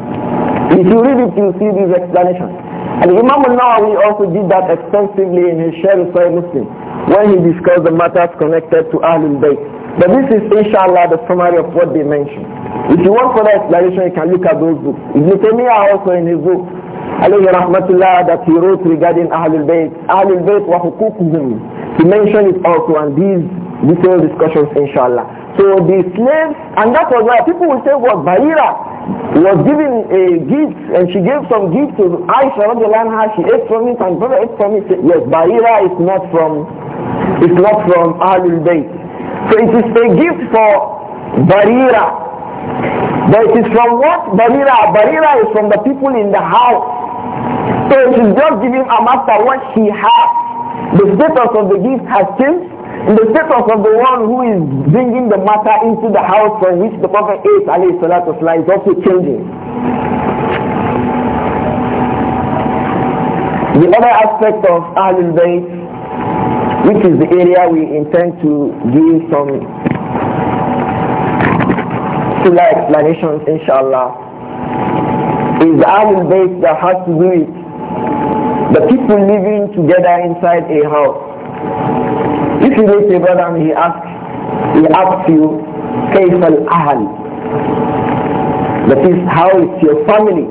If you read it, you see these explanations. And Imam al-Nawawi also did that extensively in his Sharif Sahih Muslim when he discussed the matters connected to Ahlul Bayt. But this is inshallah the summary of what they mentioned. If you want further explanation, you can look at those books. Ibn Taymiyyah also in his book alayhi rahmatullah that he wrote regarding Ahlul Bayt. Ahlul Bayt wa hukukuhum. He mentioned it also and these detailed discussions inshallah. So the slaves, and that was why people will say what Bahira was given a gift and she gave some gift to Aisha anha, she ate from it and brother ate from it. Yes, Bahira is not from, it's not from Ahlul Bayt. So it is a gift for Barira but it is from what? Barira. Barira is from the people in the house. So it is just giving a matter what she has. The status of the gift has changed. The status of the one who is bringing the matter into the house from which the Prophet is, alayhi salatu is also changing. The other aspect of Ahlul Bayt, which is the area we intend to give some particular explanations, inshallah, is Ahlul Bayt that has to do with the people living together inside a house. If you meet a brother and he asks, he asks you, كيف الأهل? That is, how it's your family?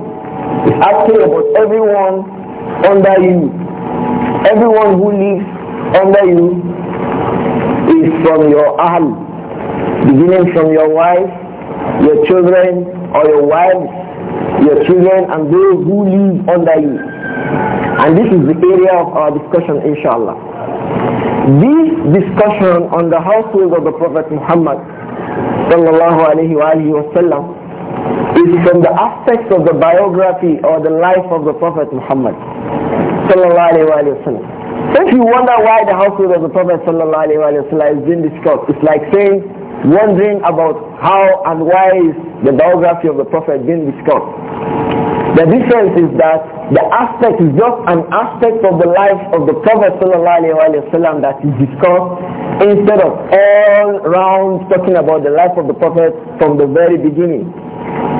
It's asking about everyone under you. Everyone who lives under you is from your Ahl, beginning from your wife, your children or your wives, your children and those who live under you. And this is the area of our discussion inshallah. This discussion on the household of the Prophet Muhammad sallallahu alaihi wasallam, is from the aspects of the biography or the life of the Prophet Muhammad sallallahu alaihi wasallam. So if you wonder why the household of the Prophet sallallahu alaihi wasallam is being discussed, it's like saying wondering about how and why is the biography of the Prophet being discussed. The difference is that the aspect is just an aspect of the life of the Prophet wasallam that is discussed instead of all round talking about the life of the Prophet from the very beginning.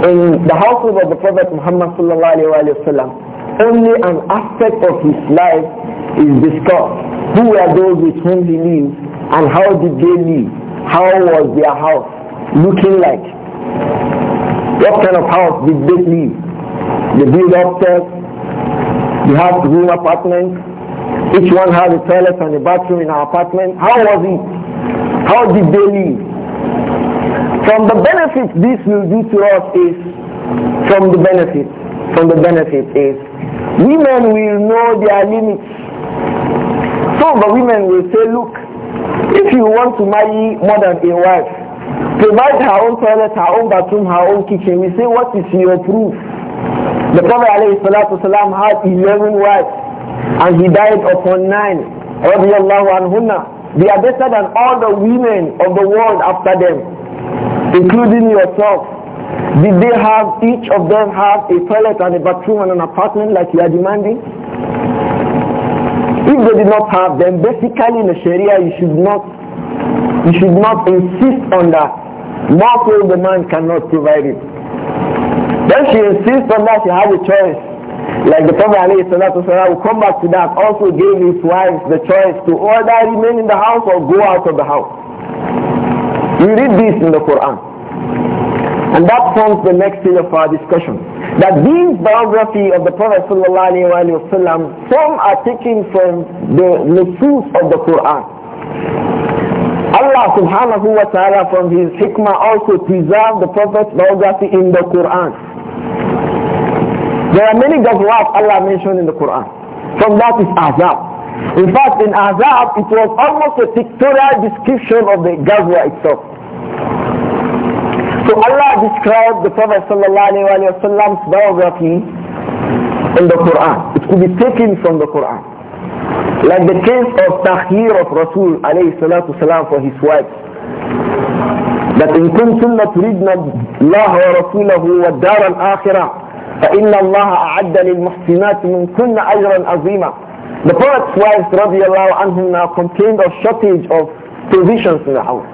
In the household of the Prophet Muhammad wasallam, only an aspect of his life is discussed. Who were those with whom he lived? And how did they live? How was their house looking like? What kind of house did they live? They build upstairs, they have room apartments, each one has a toilet and a bathroom in our apartment. How was it? How did they live? From the benefits this will do to us is, from the benefits, from the benefits is, women will know their limits. Some of the women will say, look, if you want to marry more than a wife, provide her own toilet, her own bathroom, her own kitchen. We say, what is your proof? The Prophet ﷺ had 11 wives and he died upon 9. Radiallahu anhunna. They are better than all the women of the world after them, including yourself. Did they have, each of them have a toilet and a bathroom and an apartment like you are demanding? If they did not have them, basically in the Sharia you should not you should not insist on that. Not so the man cannot provide it. Then she insists on that she has a choice. Like the Prophet ﷺ will come back to that, also gave his wives the choice to either remain in the house or go out of the house. You read this in the Quran. And that forms the next stage of our discussion. That these biography of the Prophet wasallam, some are taken from the nusus of the Quran. Allah subhanahu wa ta'ala from his hikmah also preserved the Prophet's biography in the Quran. There are many gazwat Allah mentioned in the Quran. From that is Azab. In fact, in Azab, it was almost a pictorial description of the Gazwa itself. So Allah described the Prophet biography in the Quran. It could be taken from the Quran. Like the case of Tahir of Rasul alayhi salatu for his wife. That in kuntum la turidna Allah wa rasulahu wa dar al-akhirah فإن الله أعد للمحسنات من كن أجرا عظيما. The Prophet's wife, رضي الله عنهما complained of shortage of provisions in the house.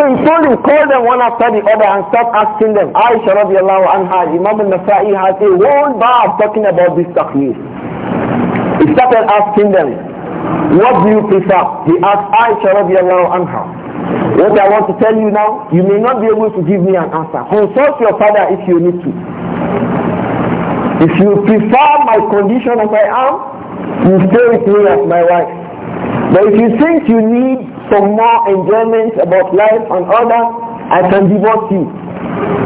So he told him, call them one after the other and start asking them. Aisha radiallahu anha, Imam al-Nasa'i has a whole bar talking about this taqneer. He started asking them, what do you prefer? He asked Aisha radiallahu anha. What I want to tell you now, you may not be able to give me an answer. Consult your father if you need to. If you prefer my condition as I am, you stay with me as my wife. But if you think you need some more enjoyment about life and others, I can divorce you.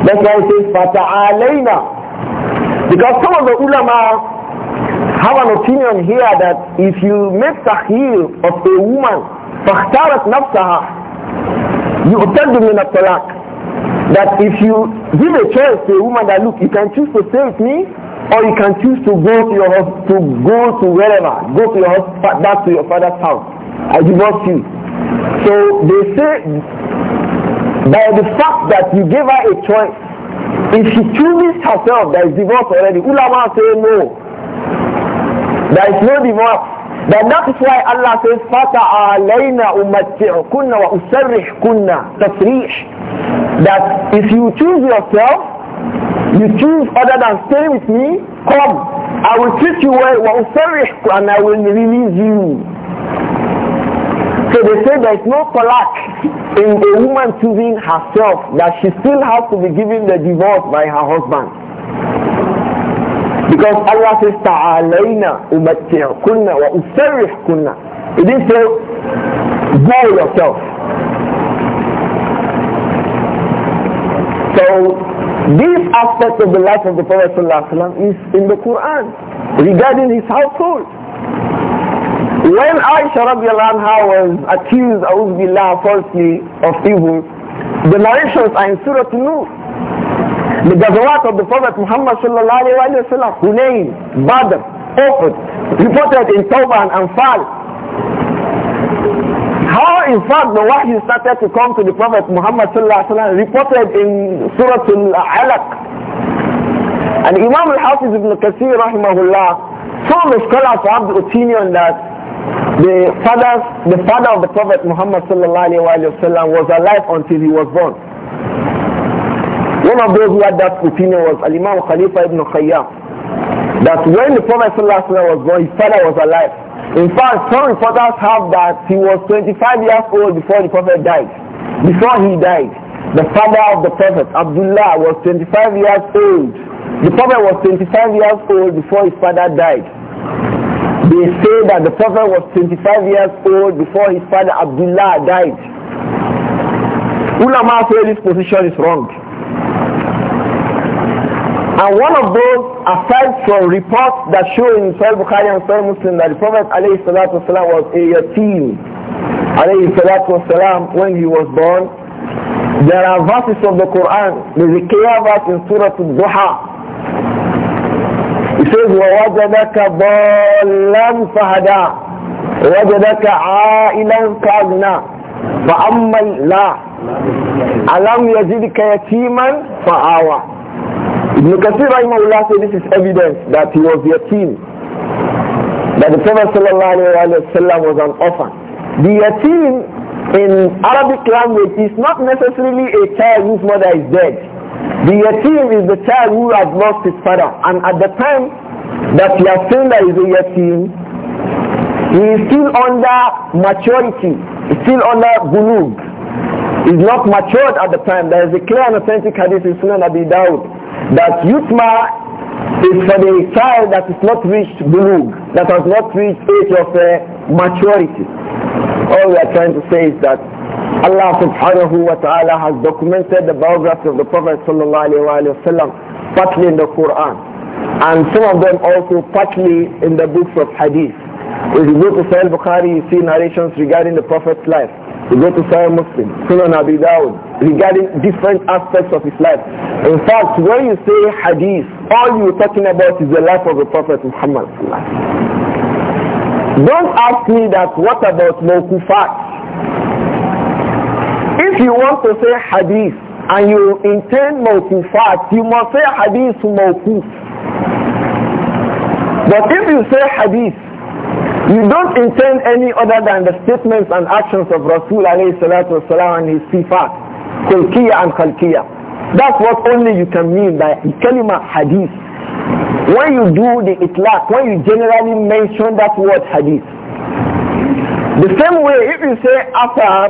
That's why it says, Fata'alayna. Because some of the ulama have an opinion here that if you make tahir of a woman, فَاخْتَارَتْ نَفْسَهَا You obtained the talaq that if you give a choice to a woman that look you can choose to stay with me or you can choose to go to your to go to wherever go to your back to your father's house i divorce you so they say by the fact that you gave her a choice, if she chooses herself, there is divorce already. Ulama say no. There is no divorce. Then that is why Allah says, فَتَعَالَيْنَا أُمَتِّعْكُنَّ وَأُسَرِّحْكُنَّ تَفْرِيحْ That if you choose yourself, you choose other than stay with me, come. I will treat you well, وَأُسَرِّحْكُ And I will release you. So they say there is no talak in a woman choosing herself that she still has to be given the divorce by her husband. Because Allah says, Ta'alayna kunna wa kunna. It didn't say, go yourself. So, this aspect of the life of the Prophet is in the Quran regarding his household. When Aisha radiallahu anha was accused, Billah, falsely of evil, the narrations are in Surah Nur. The gazawat of the Prophet Muhammad sallallahu alayhi wa sallam, Hunayn, Badr, Uhud, reported in Tawbah and Anfal. How in fact the Wahyu started to come to the Prophet Muhammad sallallahu alayhi wa reported in Surah Al-Alaq. And Imam al-Hafiz ibn Kathir rahimahullah, some scholars have the opinion that the father, the father of the Prophet Muhammad sallallahu was alive until he was born. One of those who had that opinion was Al Imam Khalifa ibn Khayyam. That when the Prophet وسلم was born, his father was alive. In fact, some reporters have that he was 25 years old before the Prophet died. Before he died, the father of the Prophet, Abdullah, was 25 years old. The Prophet was 25 years old before his father died. They say that the Prophet was 25 years old before his father Abdullah died. Ulama say this position is wrong. And one of those, aside from reports that show in Sahih Bukhari and Sahih Muslim that the Prophet alayhi was a yatim alayhi when he was born, there are verses of the Quran, that declare verse in Surah Al-Duha says, وَوَجَدَكَ ضَالًّا فَهَدَى وَوَجَدَكَ عَائِلًا فَأَغْنَى فَأَمَّا لا أَلَمْ يَجِدْكَ يَتِيمًا فَآوَى Ibn Kathir Rahimahullah said this is evidence that he was yatim. That the Prophet Sallallahu Alaihi Wasallam was an orphan. The yatim in Arabic language is not necessarily a child whose mother is dead. The yatim is the child who has lost his father. And at the time, that Yasunda is a Yatim, he is still under maturity, he's still under bulug. Is not matured at the time. There is a clear and authentic hadith in Sunan Abi Dawud that Yutma is for the child that has not reached bulug, that has not reached age of uh, maturity. All we are trying to say is that Allah subhanahu wa ta'ala has documented the biography of the Prophet sallallahu alayhi wa sallam partly in the Quran and some of them also partly in the books of hadith. If you go to Sahih Bukhari, you see narrations regarding the Prophet's life. You go to Sahih Muslim, Sunan Abi Dawud, regarding different aspects of his life. In fact, when you say hadith, all you're talking about is the life of the Prophet Muhammad. Don't ask me that what about Mokufat? If you want to say hadith and you intend Mokufat, you must say hadith Mokuf. But if you say hadith, you don't intend any other than the statements and actions of Rasul alayhi salatu wasalam and his sifat, khulqiyya and khalqiyya. That's what only you can mean by kalima hadith. When you do the itlaq, when you generally mention that word hadith. The same way if you say athar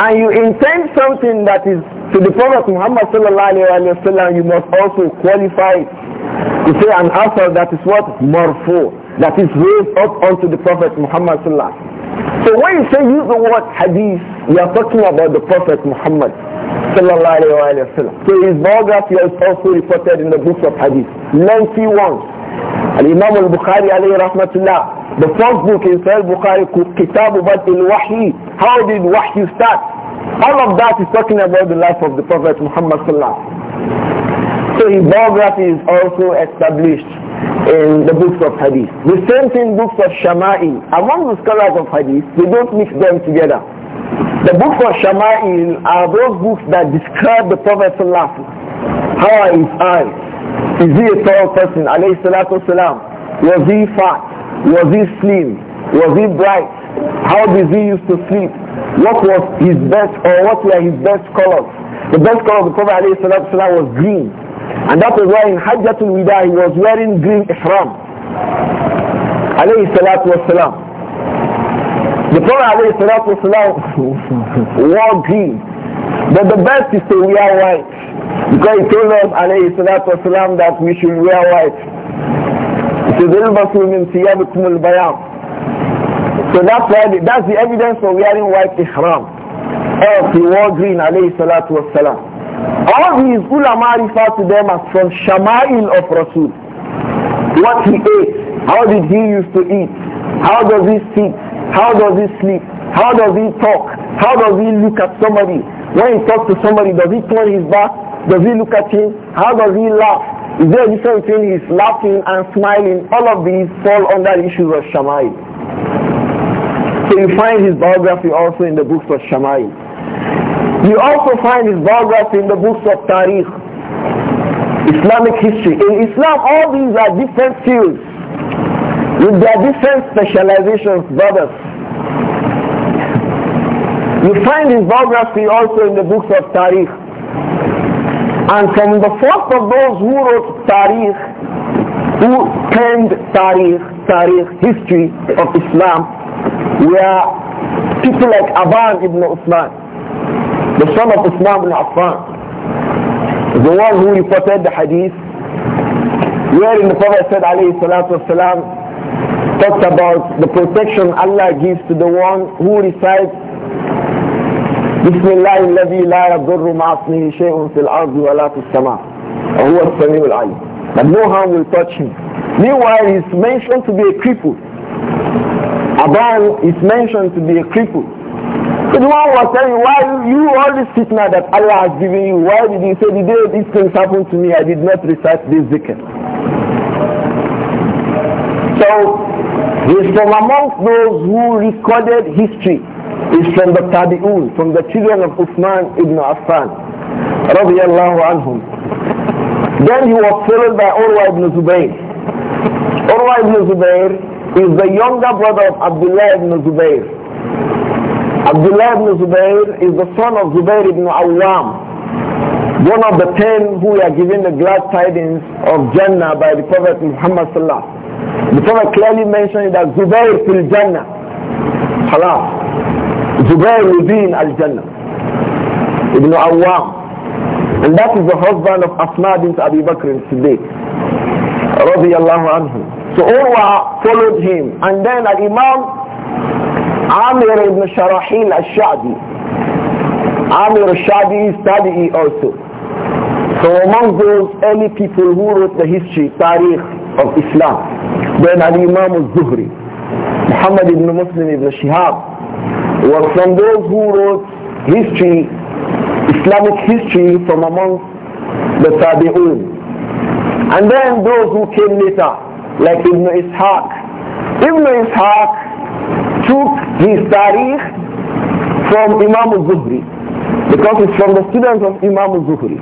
and you intend something that is so the Prophet Muhammad sallallahu alayhi wa sallam, you must also qualify to say an asal that is what? Marfu. That is raised up unto the Prophet Muhammad sallallahu alayhi wa So when you say use the word hadith, you are talking about the Prophet Muhammad sallallahu alayhi wa sallam. So his biography is also reported in the books of hadith. Lengthy ones. Al-Imam al-Bukhari alayhi rahmatullah. The first book in Sahih Bukhari, Kitab al-Wahi. How did Wahi start? All of that is talking about the life of the Prophet Muhammad Sallallahu So his biography is also established in the books of hadith. The same thing books of Shama'i. Among the scholars of hadith, they don't mix them together. The books of Shama'il are those books that describe the Prophet Sallallahu How are his eyes? Is he a tall person? Alayhi salatu Was he fat? Was he slim? Was he bright? How busy he used to sleep? What was his best or what were his best colors? The best color of the Prophet ﷺ was green. And that was why in Hajjatul Wida he was wearing green ihram. Alayhi salatu wasalam. The Prophet alayhi salatu wore green. But the best is to wear white. Because he told us alayhi salatu wasalam that we should wear white. He so that's why the, that's the evidence for wearing white ihram. Of he wore green, alayhi salatu All these ulama refer to them as from shama'il of Rasul. What he ate, how did he used to eat, how does he sit, how does he sleep, how does he talk, how does he look at somebody. When he talks to somebody, does he turn his back? Does he look at him? How does he laugh? Is there a difference between his laughing and smiling? All of these fall under the issues of shama'il. So you find his biography also in the books of Shamai. You also find his biography in the books of Tariq, Islamic history. In Islam, all these are different fields with their different specializations, brothers. You find his biography also in the books of Tariq. And from the first of those who wrote Tariq, who penned Tariq, Tariq, history of Islam, were people like Aban ibn Uthman, the son of Uthman ibn Affan, the one who reported the hadith, wherein the Prophet said, alayhi salatu wasalam, talked about the protection Allah gives to the one who recites بسم الله الذي لا يضر مع اسمه شيء في الارض ولا في السماء وهو السميع العليم but no harm will touch him meanwhile he is mentioned to be a cripple Adam is mentioned to be a cripple. So the one was telling you, why you all this fitna that Allah has given you, why did you say the day these things happened to me, I did not recite this zikr? So he's from amongst those who recorded history. is from the Tabi'un, from the children of Uthman ibn Affan, radiallahu anhum. Then he was followed by Urwa ibn Zubayr. Urwa ibn Zubayr is the younger brother of Abdullah ibn Zubayr. Abdullah ibn Zubayr is the son of Zubayr ibn Awam, one of the ten who were given the glad tidings of Jannah by the Prophet Muhammad sallallahu The Prophet clearly mentioned that Zubayr fil Jannah. Halas. Zubayr will be in Al-Jannah. Ibn Awam. And that is the husband of Asma bint Abi Bakr Siddiq. رضي الله عنه so Urwa followed him. And then the Imam Amir ibn Sharahil al-Shadi. Amir al-Shadi studied also. So among those early people who wrote the history, Tariq of Islam, then the Imam al-Zuhri, Muhammad ibn Muslim ibn Shihab, were from those who wrote history, Islamic history from among the Tabi'un. And then those who came later, like Ibn Ishaq. Ibn Ishaq took his tariq from Imam al-Zuhri because it's from the students of Imam al-Zuhri.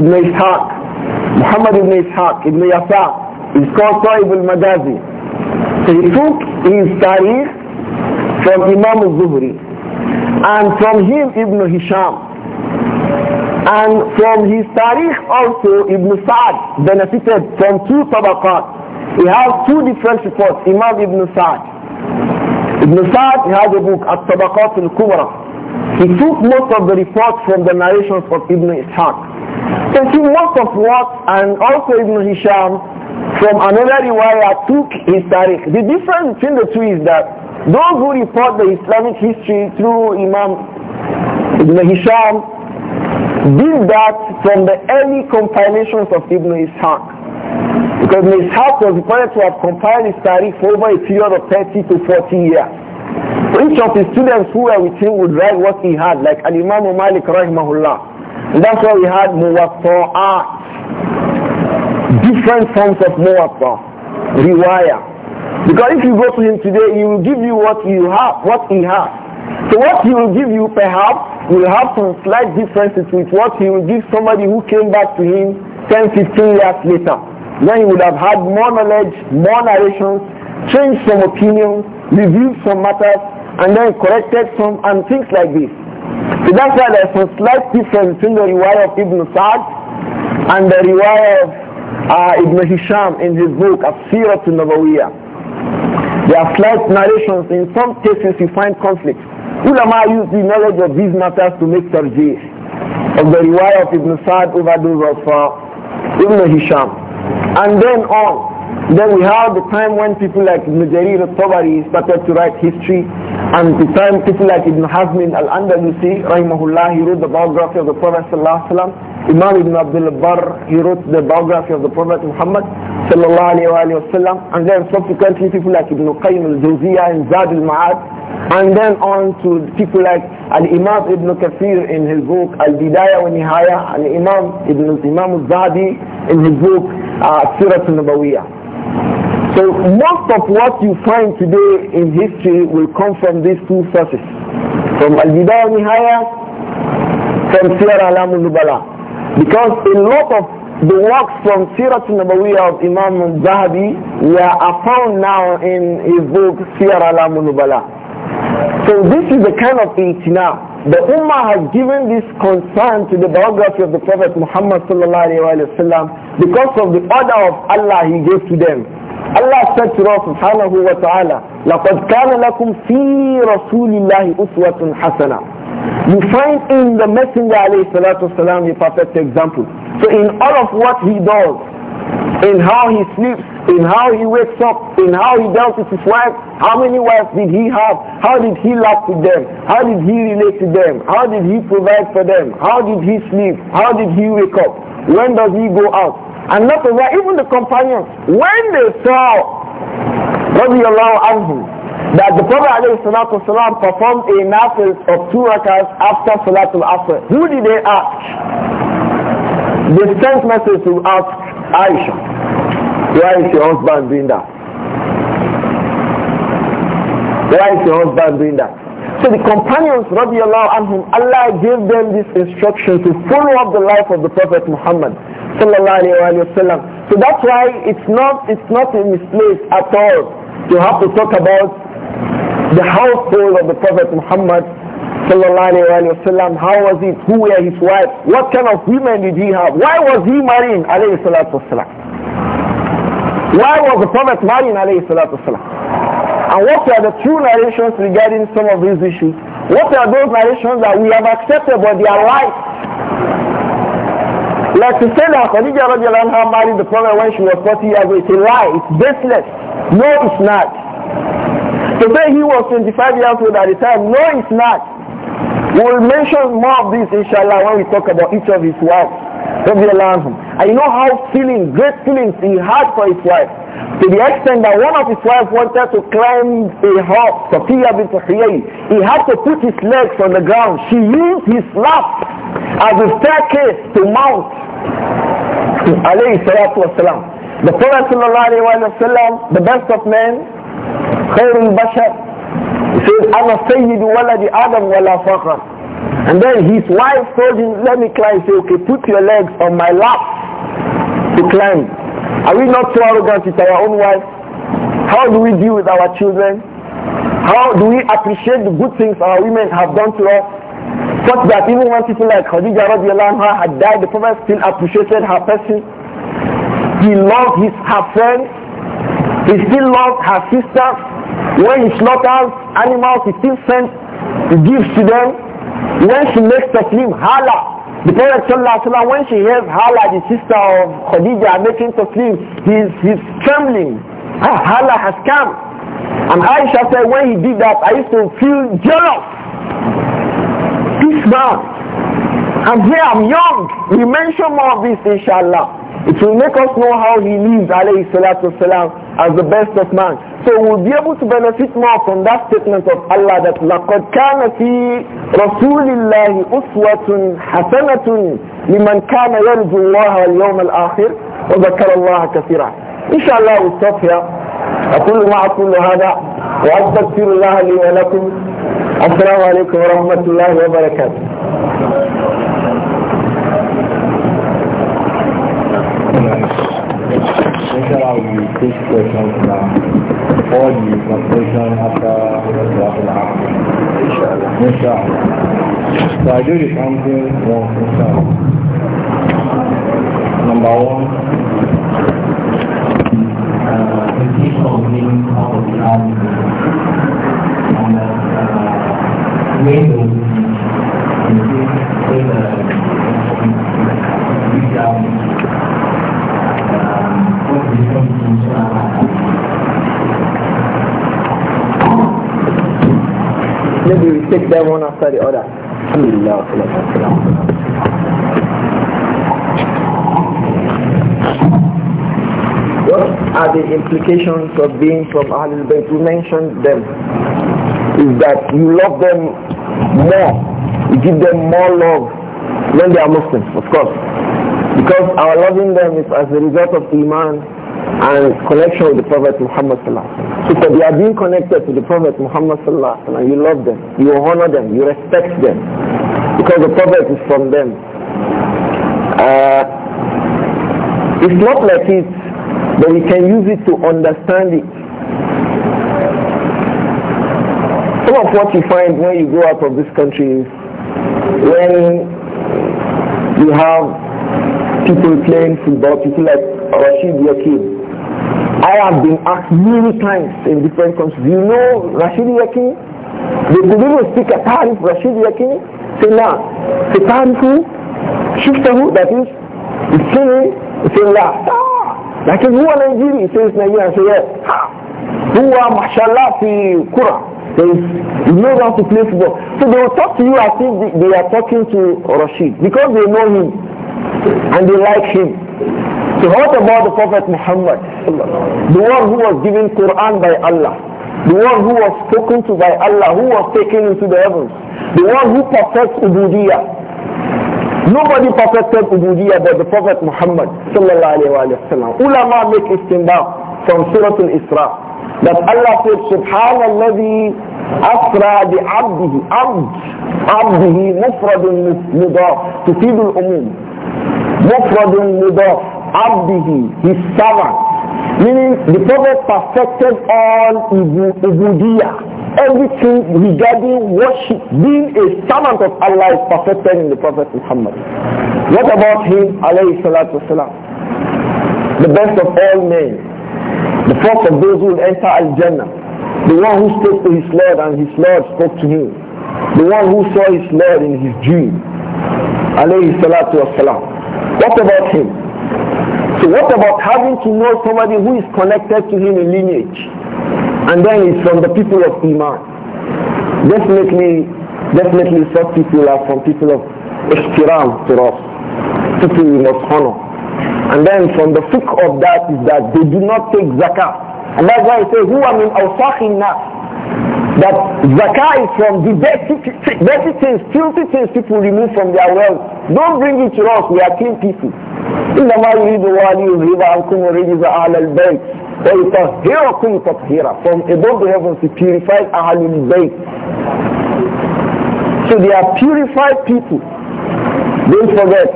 Ibn Ishaq, Muhammad Ibn Ishaq, Ibn Yasa, is called Taib al-Madazi. So he took his tariq from Imam al-Zuhri and from him Ibn Hisham and from his tariq also Ibn Sa'd benefited from two tabaqat we have two different reports. Imam Ibn Sa'd. Ibn Sa'd has a book, At-Tabaqat al-Kubra. He took most of the reports from the narrations of Ibn Ishaq. And he most of what, and also Ibn Hisham, from another riwayah took his tariq. The difference between the two is that those who report the Islamic history through Imam Ibn Hisham did that from the early compilations of Ibn Ishaq. Because mishap was required to have compiled his for over a period of 30 to 40 years. So each of his students who were with him would write what he had, like Al-Imam Malik rahimahullah. And that's why we had muwatta'at, different forms of muwatta, riwayah. Because if you go to him today, he will give you what you have, what he has. So what he will give you perhaps will have some slight differences with what he will give somebody who came back to him 10, 15 years later. Then he would have had more knowledge, more narrations, changed some opinions, reviewed some matters, and then corrected some, and things like this. So that's why there's a slight difference between the riwayah of Ibn Sa'd and the riwayah of uh, Ibn Hisham in his book As-Sirat al-Nabawiyyah. There are slight narrations. In some cases you find conflict. Ulama Used the knowledge of these matters to make tarjih of the riwayah of Ibn Sa'd over those of uh, Ibn Hisham and then on then we have the time when people like Ibn al-Tabari started to write history and the time people like Ibn Hazmin al-Andalusi, rahimahullah, he wrote the biography of the Prophet sallallahu alaihi wasallam. Imam Ibn Abdul Barr, he wrote the biography of the Prophet Muhammad sallallahu alaihi wasallam. And then subsequently people like Ibn Qayyim al-Jawziyah and Zad al-Ma'ad. And then on to people like Al-Imam Ibn Kathir in his book al Bidaya wa Nihaya, and imam Ibn Imam al-Zahdi in his book uh, Sirat al-Nabawiyah. So most of what you find today in history will come from these two sources. From Al-Bidayah Nihaya, from Sirah Alam Nubala. Because a lot of the works from Sirah Nabawiyah of Imam Zahabi are found now in his book Sirah Alam Nubala. So this is the kind of itina. The Ummah has given this concern to the biography of the Prophet Muhammad sallallahu alayhi wa sallam because of the order of Allah he gave to them. Allah said to us subhanahu wa ta'ala, لَقَدْ كَانَ لَكُمْ فِي رَسُولِ اللَّهِ أُسْوَةٌ You find in the Messenger alayhi salatu salam a perfect example. So in all of what he does, in how he sleeps, in how he wakes up, in how he dealt with his wife, how many wives did he have, how did he love with them, how did he relate to them, how did he provide for them, how did he sleep, how did he wake up. When does he go out? And not only even the companions, when they saw radiallahu anhu, that the Prophet ﷺ performed a nafil of two rakahs after Salatul Asr, who did they ask? They sent message to ask Aisha, why is your husband doing that? Why is your husband doing that? So the companions, radiallahu anhum, Allah gave them this instruction to follow up the life of the Prophet Muhammad So that's why it's not, it's not in its place at all to have to talk about the household of the Prophet Muhammad How was it? Who were his wives? What kind of women did he have? Why was he marrying alayhi salatu wasalam? Why was the Prophet marrying alayhi salatu wasalam? And what are the true narrations regarding some of these issues? What are those narrations that we have accepted but they are lies? Like to say that Khadija Anha married the Prophet when she was 40 years old, it's a lie, it's baseless. No, it's not. To say he was 25 years old at the time, no, it's not. We will mention more of this inshallah when we talk about each of his wives. And you know how feelings, great feelings he had for his wife. To the extent that one of his wives wanted to climb a hop, Safiya bin Tuhiyay. He had to put his legs on the ground. She used his lap as a staircase to mount. Alayhi salatu wasalam. The Prophet sallallahu alayhi wa sallam, the best of men, Khairul Bashar, he says, أَنَا سَيِّدُ وَلَدِ آدَمْ وَلَا فَخَرٍ and then his wife told him, let me climb. Say, okay, put your legs on my lap to climb. Are we not too arrogant with our own wife? How do we deal with our children? How do we appreciate the good things our women have done to us? Such that even when people like Khadija radiallahu anha had died, the Prophet still appreciated her person. He loved his, her friends. He still loved her sisters. When he slaughters animals, he still sent gifts to them. When she makes taslim, hala. The Prophet Sallallahu when she hears hala, the sister of Khadija making taslim, he's, he's trembling. Ah, hala has come. And Aisha said, when he did that, I used to feel jealous. This man. And here I'm young. We mention more of this, inshallah. It will make us know how he lived, alayhi salatu wasalam, as the best of man. So we'll be able to benefit more from that statement of Allah that لَقَدْ كَانَ فِي رَسُولِ اللَّهِ أُسْوَةٌ حَسَنَةٌ لِمَنْ كَانَ يَرْجُ اللَّهَ وَالْيَوْمَ الْآخِرِ وَذَكَرَ اللَّهَ كَثِيرًا إن شاء الله we'll stop here. أقول ما أقول هذا وأستغفر الله لي ولكم السلام عليكم ورحمة الله وبركاته inshallah we will take questions now. All the information after inshallah. Inshallah. So I do the counting once inshallah. Number one. Uh, the people of the army and uh, uh, windows maybe we take them one after the other. What are the implications of being from Ahlul Bayt? We mentioned them. Is that you love them more. You give them more love when they are Muslims, of course. Because our loving them is as a result of Iman and connection with the Prophet Muhammad So they are being connected to the Prophet Muhammad and you love them, you honor them, you respect them because the Prophet is from them. Uh, it's not like it, but we can use it to understand it. Some of what you find when you go out of this country is when you have people playing football, people like Rashid Yakin. I have been asked many times in different countries, do you know Rashid Yakin? The believer speak a tarif Rashid Yakin? Say no. Say tarifu, shiftahu, that is, ah, it's silly, say la. Like if are Nigerian, he says Nigeria. I say yes. Who are mashallah fi Quran? There is no one to play football. So they will talk to you as if they are talking to Rashid because they know him and they like him. So what about the Prophet Muhammad? The one who was given Quran by Allah. The one who was spoken to by Allah, who was taken into the heavens. The one who perfected Ubudiya. Nobody perfected Ubudiya but the Prophet Muhammad sallallahu Ulama make istinbah from Surah Al-Isra that Allah said subhanalladhi asra bi abdihi abd abdihi mufradun mudaf tufidul umum mufradun mudaf abdihi, his servant. Meaning the Prophet perfected all ubudiyah. Everything regarding worship, being a servant of Allah is perfected in the Prophet Muhammad. What about him, alayhi salatu wasalam? The best of all men. The first of those who will enter Al-Jannah. The one who spoke to his Lord and his Lord spoke to him. The one who saw his Lord in his dream. Alayhi salatu wasalam. What about him? So what about having to know somebody who is connected to him in lineage? And then it's from the people of Iman. Definitely, definitely such people are from people of ihtiram to us. People we must honor. And then from the fiqh of that is that they do not take zakah. And that's why I say, who am in awsakhin That zakah is from the dirty things, filthy things people remove from their wealth. Don't bring it to us, we are clean people. إنما يريد الله يذهب عنكم الرجز أهل البيت ويطهركم تطهيرا from above the heavens he purifies أهل البيت so they are purified people don't forget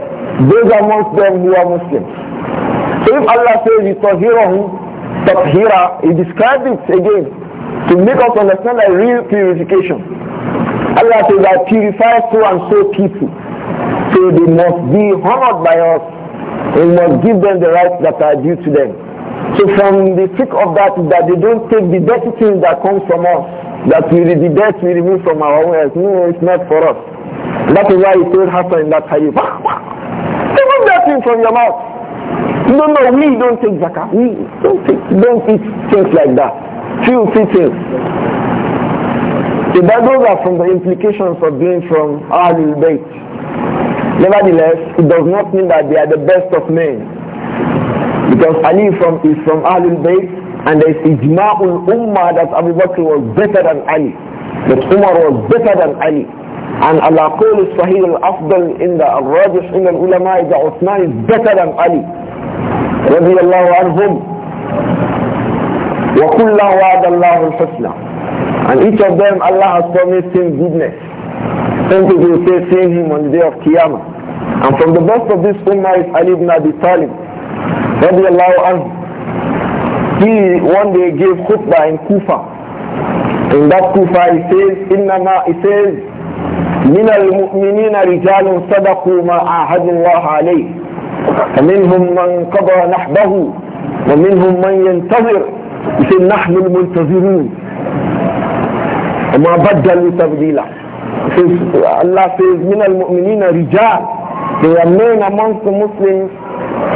those amongst them who are Muslims so if Allah says يطهرهم تطهيرا he describes it again to make us understand a real purification Allah says I purify so and so people so they must be honored by us we must give them the rights that are due to them. So from the trick of that is that they don't take the dirty things that comes from us, that we the dirt we remove from our own health. No, it's not for us. That is why it told happen in that time. remove that thing from your mouth. No, no, we don't take zakah. We don't, take, don't eat things like that. Few few things. So that those are from the implications of being from Ahlul Bayt. Nevertheless, it does not mean that they are the best of men. Because Ali from, is from Ahlul Bayt and there is Ijma'ul Ummah that Abu Bakr was better than Ali. That Umar was better than Ali. And Allah قول al Afdal in the الراجح in the ulama is that Uthman is better than Ali. رضي الله عنهم وكل وعد الله الحسنى and each of them Allah has promised him goodness some people will say, seeing him on the day of Qiyamah. And from the best of this Ummah is Ali ibn Abi Talib. Radiallahu anhu. He one day gave khutbah in Kufa. In that Kufa he says, ma he says, من المؤمنين رجال صدقوا ما عاهدوا الله عليه فمنهم من قضى نحبه ومنهم من ينتظر يقول نحن المنتظرون وما بدلوا تبديلا says, Allah says, min al-mu'minina rijal. They are men amongst the Muslims.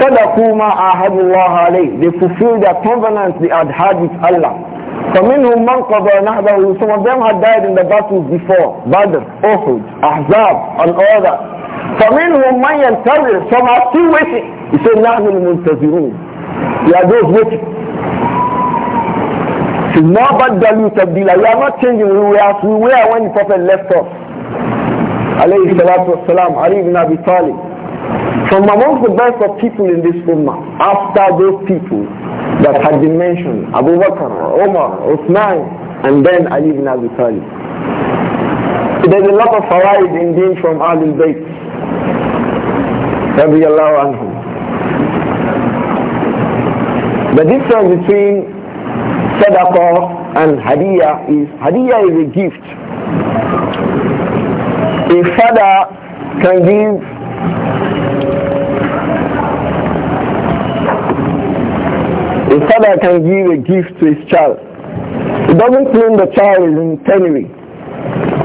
صدقوا ما عاهدوا الله عليه. They fulfill their covenant they had had with Allah. فمنهم من قضى نحبه some of them had died in the battles before Badr, Uhud, Ahzab and all that فمنهم من ينتظر some are still waiting he said نحن المنتظرون we are those waiting to be like. we are not changing we are. we are when the prophet left us Alayhi salatu wasalam. Ali ibn Abi Talib from amongst the best of people in this ummah after those people that had been mentioned Abu Bakr, Omar, Uthman and then Ali ibn Abi Talib there's a lot of fawaid in being from Ali Bayt رضي الله عنهم the difference between sadaqah and hadiya is, hadiya is a gift. A father can give a father can give a gift to his child. It doesn't mean the child is in penury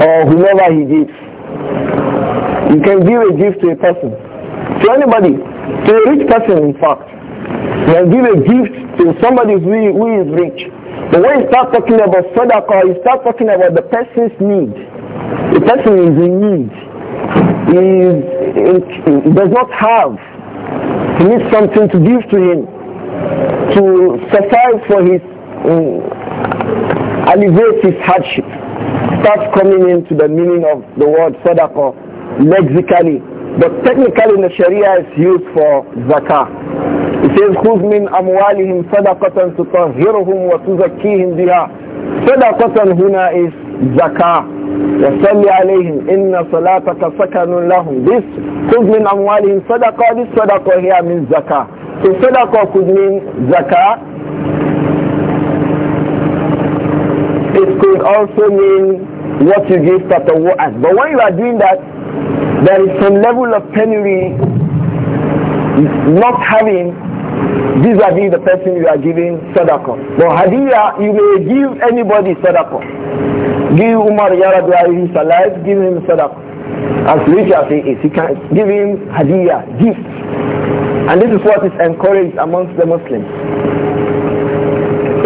or whomever he gives. You can give a gift to a person, to anybody, to a rich person in fact. You can give a gift to somebody who, who is rich. But when you start talking about sadaqah, you start talking about the person's need. The person is in need. He, is, he does not have. He needs something to give to him to suffice for his, um, alleviate his hardship. Starts coming into the meaning of the word sadaqah lexically. But technically in the Sharia it's used for zakah. It says, خُذْ مِنْ أَمْوَالِهِمْ صَدَقَةً تُطَهِّرُهُمْ وَتُزَكِّيهِمْ بِهَا صَدَقَةً هنا is zakah. وَصَلِّ عَلَيْهِمْ إِنَّ صَلَاتَكَ سَكَنٌ لَهُمْ This, خُذْ مِنْ أَمْوَالِهِمْ صَدَقَةً This صَدَقَة here means zakah. So صَدَقَة could mean zakah. It could also mean what you give to the tatawu'an. But when you are doing that, there is some level of penury not having vis-a-vis the person you are giving sadaqah. But hadiya, you may give anybody sadaqah. Give Umar Yaradu his alive, give him sadaqah. As rich as he is, He can give him hadiya, gift. And this is what is encouraged amongst the Muslims.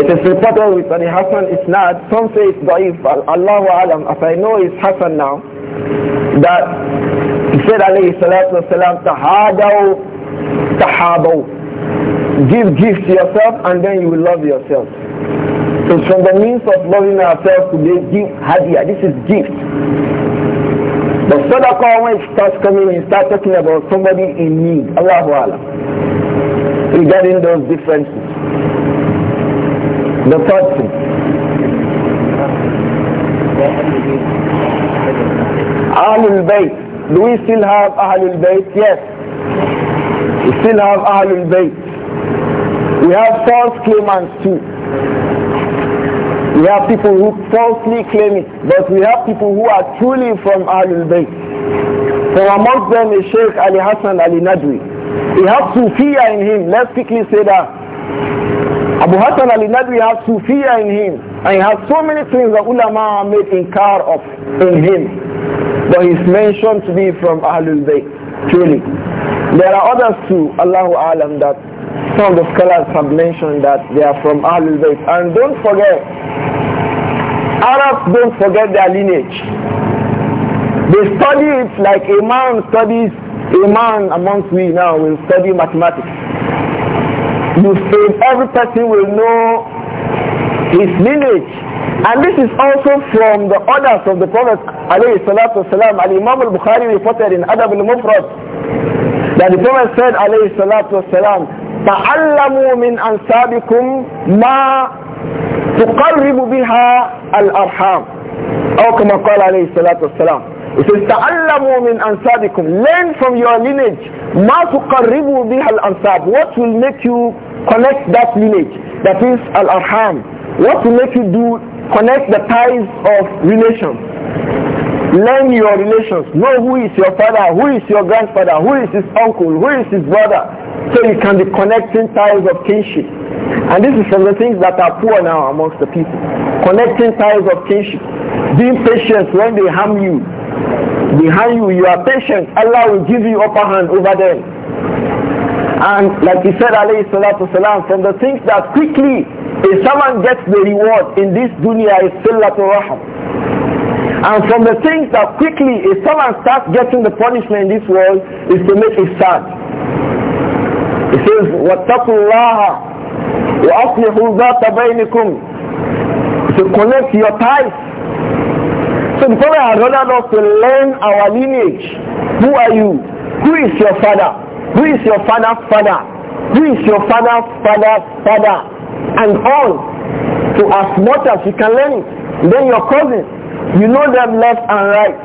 It is reported with an Hassan not. some say it's Da'if, Allah Alam, as I know it's Hassan now, that he said alayhi salatu wasalam, tahadaw, tahabaw. Give gifts to yourself and then you will love yourself. So from the means of loving ourselves today, give hadiah. This is gift. The sadaqah when it starts coming, you start talking about somebody in need. Allahu Allah. Regarding those differences. The third thing. Ahlul Bayt. Do we still have Ahlul Bayt? Yes. We still have Ahlul Bayt. We have false claimants too. We have people who falsely claim it, but we have people who are truly from Ahlul Bayt. From amongst them is Sheikh Ali Hassan Ali Nadwi. He has Sufiya in him. Let's quickly say that. Abu Hassan Ali Nadwi has Sufiya in him. And he has so many things that ulama made inkar of in him. But he's mentioned to be from Ahlul Bayt, truly. There are others too, Allahu Alam, that some of the scholars have mentioned that they are from Ahlul Bayt. And don't forget, Arabs don't forget their lineage. They study it like a man studies, a man amongst we now will study mathematics. You say every person will know his lineage. And this is also from the orders of the Prophet alayhi salatu wasalam. Al-Imam al-Bukhari reported in Adab al-Mufrad that the Prophet said, alayhi salatu wasalam, ta'allamu min ansabikum ma tuqarribu biha al Or kama qala alayhi salatu It says, ta'allamu min ansabikum. Learn from your lineage. What will make you connect that lineage? That is What will make you do connect the ties of relation? Learn your relations. Know who is your father, who is your grandfather, who is his uncle, who is his brother. So you can be connecting ties of kinship. And this is from the things that are poor now amongst the people. Connecting ties of kinship. Being patient when they harm you. Behind you, you are patient. Allah will give you upper hand over them. And like he said, alayhi from the things that quickly if someone gets the reward in this dunya is sillatu rahim and from the things that quickly if someone starts getting the punishment in this world is to make it sad. It says, وَاتَّقُوا اللَّهَ وَأَصْلِحُوا ذَاتَ بَيْنِكُمْ To connect your ties. So the I has ordered us to learn our lineage. Who are you? Who is your father? Who is your father's father? Who is your father's father's father? And on to as much as you can learn it. Then your cousins, you know them left and right.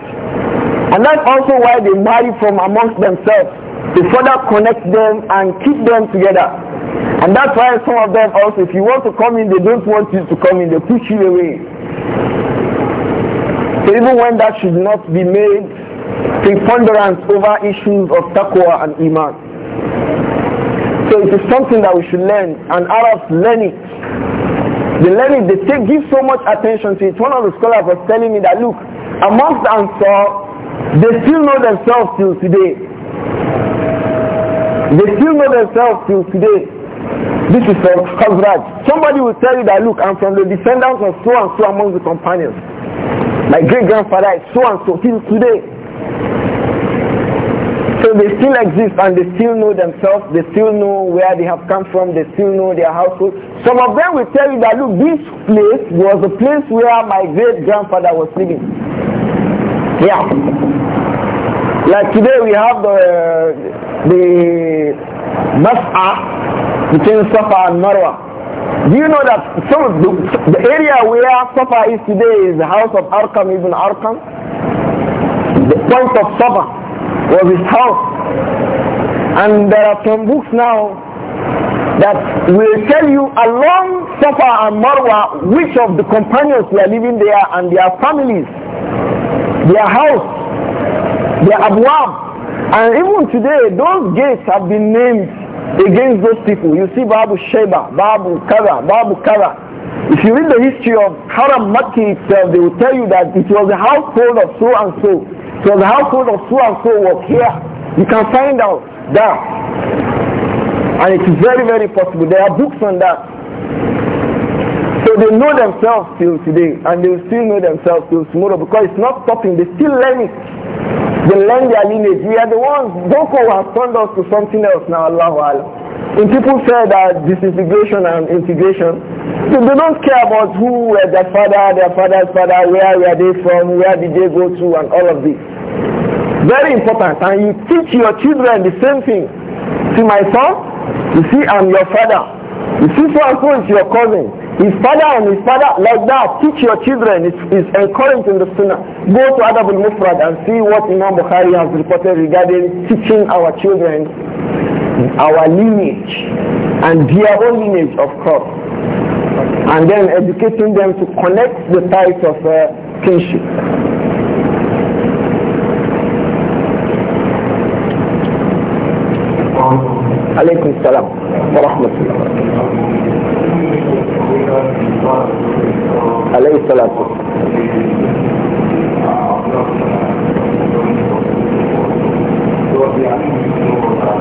And that's also why they marry from amongst themselves to further connect them and keep them together. And that's why some of them also, if you want to come in, they don't want you to come in. They push you away. So even when that should not be made preponderant over issues of taqwa and iman. So it is something that we should learn, and Arabs learn it. They learn it, they take, give so much attention to it. One of the scholars was telling me that, look, amongst Ansar, they still know themselves till today. They still know themselves till today. This is from Khazraj. Somebody will tell you that, look, I'm from the descendants of so and so among the companions. My great-grandfather is so and so till today. So they still exist and they still know themselves, they still know where they have come from, they still know their household. Some of them will tell you that, look, this place was the place where my great-grandfather was living. Yeah. Like today we have the, the Mas'a between Safa and Marwa. Do you know that so the, the, area where Safa is today is the house of Arkham ibn Arkham? The point of Safa was his house. And there are some books now that will tell you along Safa and Marwa which of the companions were living there and their families, their house, their abwab. And even today, those gates have been named against those people. You see Babu Sheba, Babu Kara, Babu Kara. If you read the history of Haram Makki itself, they will tell you that it was the household of so and so. So the household of so and so was here. You can find out that. And it is very, very possible. There are books on that. So they know themselves till today, and they will still know themselves till tomorrow because it's not stopping. They still learn it. They learn their lineage. We are the ones. Boko has turned us to something else now, Allahu Allah. When people say that disintegration and integration, they don't care about who were their father, their father's father, where were they from, where did they go to, and all of this. Very important. And you teach your children the same thing. See my son? You see, I'm your father. You see, so and so is your cousin. His father and his father, like that. Teach your children. It's, it's encouraged in the sunnah. Go to Adab al-Mufrad and see what Imam Bukhari has reported regarding teaching our children our lineage and their own lineage of course and then educating them to connect the ties of uh, kinship عليكم السلام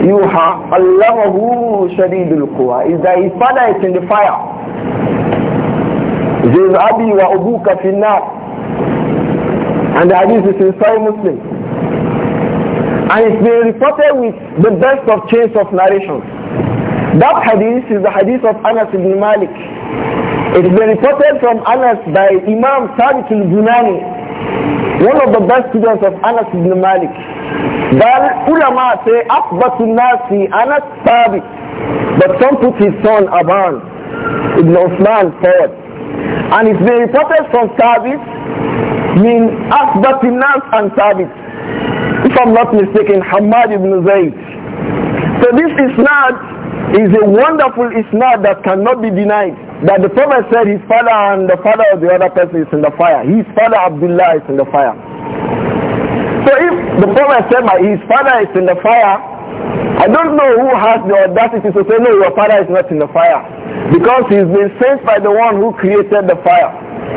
Yuha Allahu Shadidul Quwa is that his is in the fire. Says Abi wa Abuka finnar. And the hadith is in Sahih Muslim. And it's been reported with the best of chains of narration. That hadith is the hadith of Anas ibn Malik. It's been reported from Anas by Imam Thabit al-Bunani one of the best students of Anas ibn Malik. that ulama say, Akbatul Nasi Anas Tabi. But some put his son Aban ibn Uthman forward. And it's been reported from Tabi, mean Akbatul Nas and Tabi. If I'm not mistaken, Hamad ibn Zayd. So this isnad is a wonderful isnad that cannot be denied that the Prophet said his father and the father of the other person is in the fire. His father Abdullah is in the fire. So if the Prophet said my his father is in the fire, I don't know who has the audacity to say no, your father is not in the fire. Because he's been sent by the one who created the fire.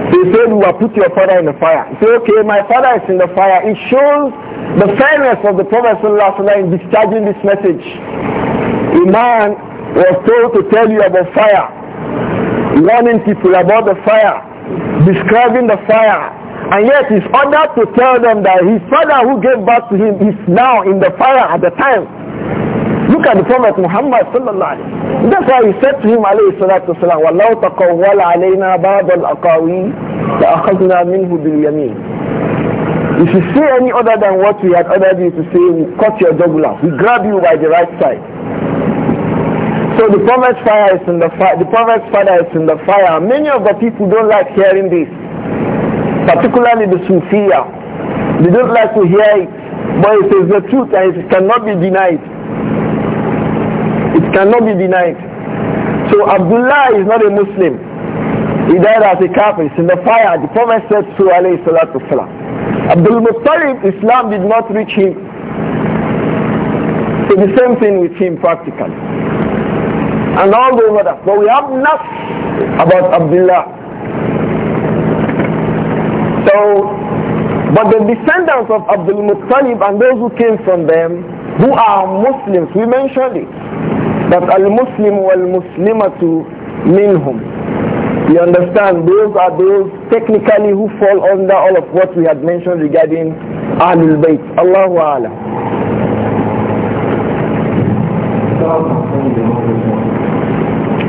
He said we will put your father in the fire. He said, okay, my father is in the fire. It shows the fairness of the Prophet in discharging this message. A man was told to tell you about fire warning people about the fire, describing the fire, and yet he's ordered to tell them that his father who gave birth to him is now in the fire at the time. Look at the Prophet Muhammad That's why he said to him alayhi salatu wasalam, وَلَوْ تَقَوَّلَ عَلَيْنَا بَعْضَ الْأَقَاوِيلِ لَأَخَذْنَا مِنْهُ بِالْيَمِينِ if you say any other than what we had ordered you to say, we cut your off. We grab you by the right side. So the prophet's fire is in the fire. The prophet's father is in the fire. Many of the people don't like hearing this, particularly the Sufia. They don't like to hear it, but it is the truth and it cannot be denied. It cannot be denied. So Abdullah is not a Muslim. He died as a Catholic. in the fire. The prophet said so, alayhi salatu salam. Abdul Muttalib, Islam did not reach him. So the same thing with him practically and all those others. But we have nothing about Abdullah. So, but the descendants of Abdul Muttalib and those who came from them, who are Muslims, we mentioned it, that al-Muslim wal-Muslimatu minhum. You understand? Those are those technically who fall under all of what we had mentioned regarding Ahlul Bayt. Allahu Ala.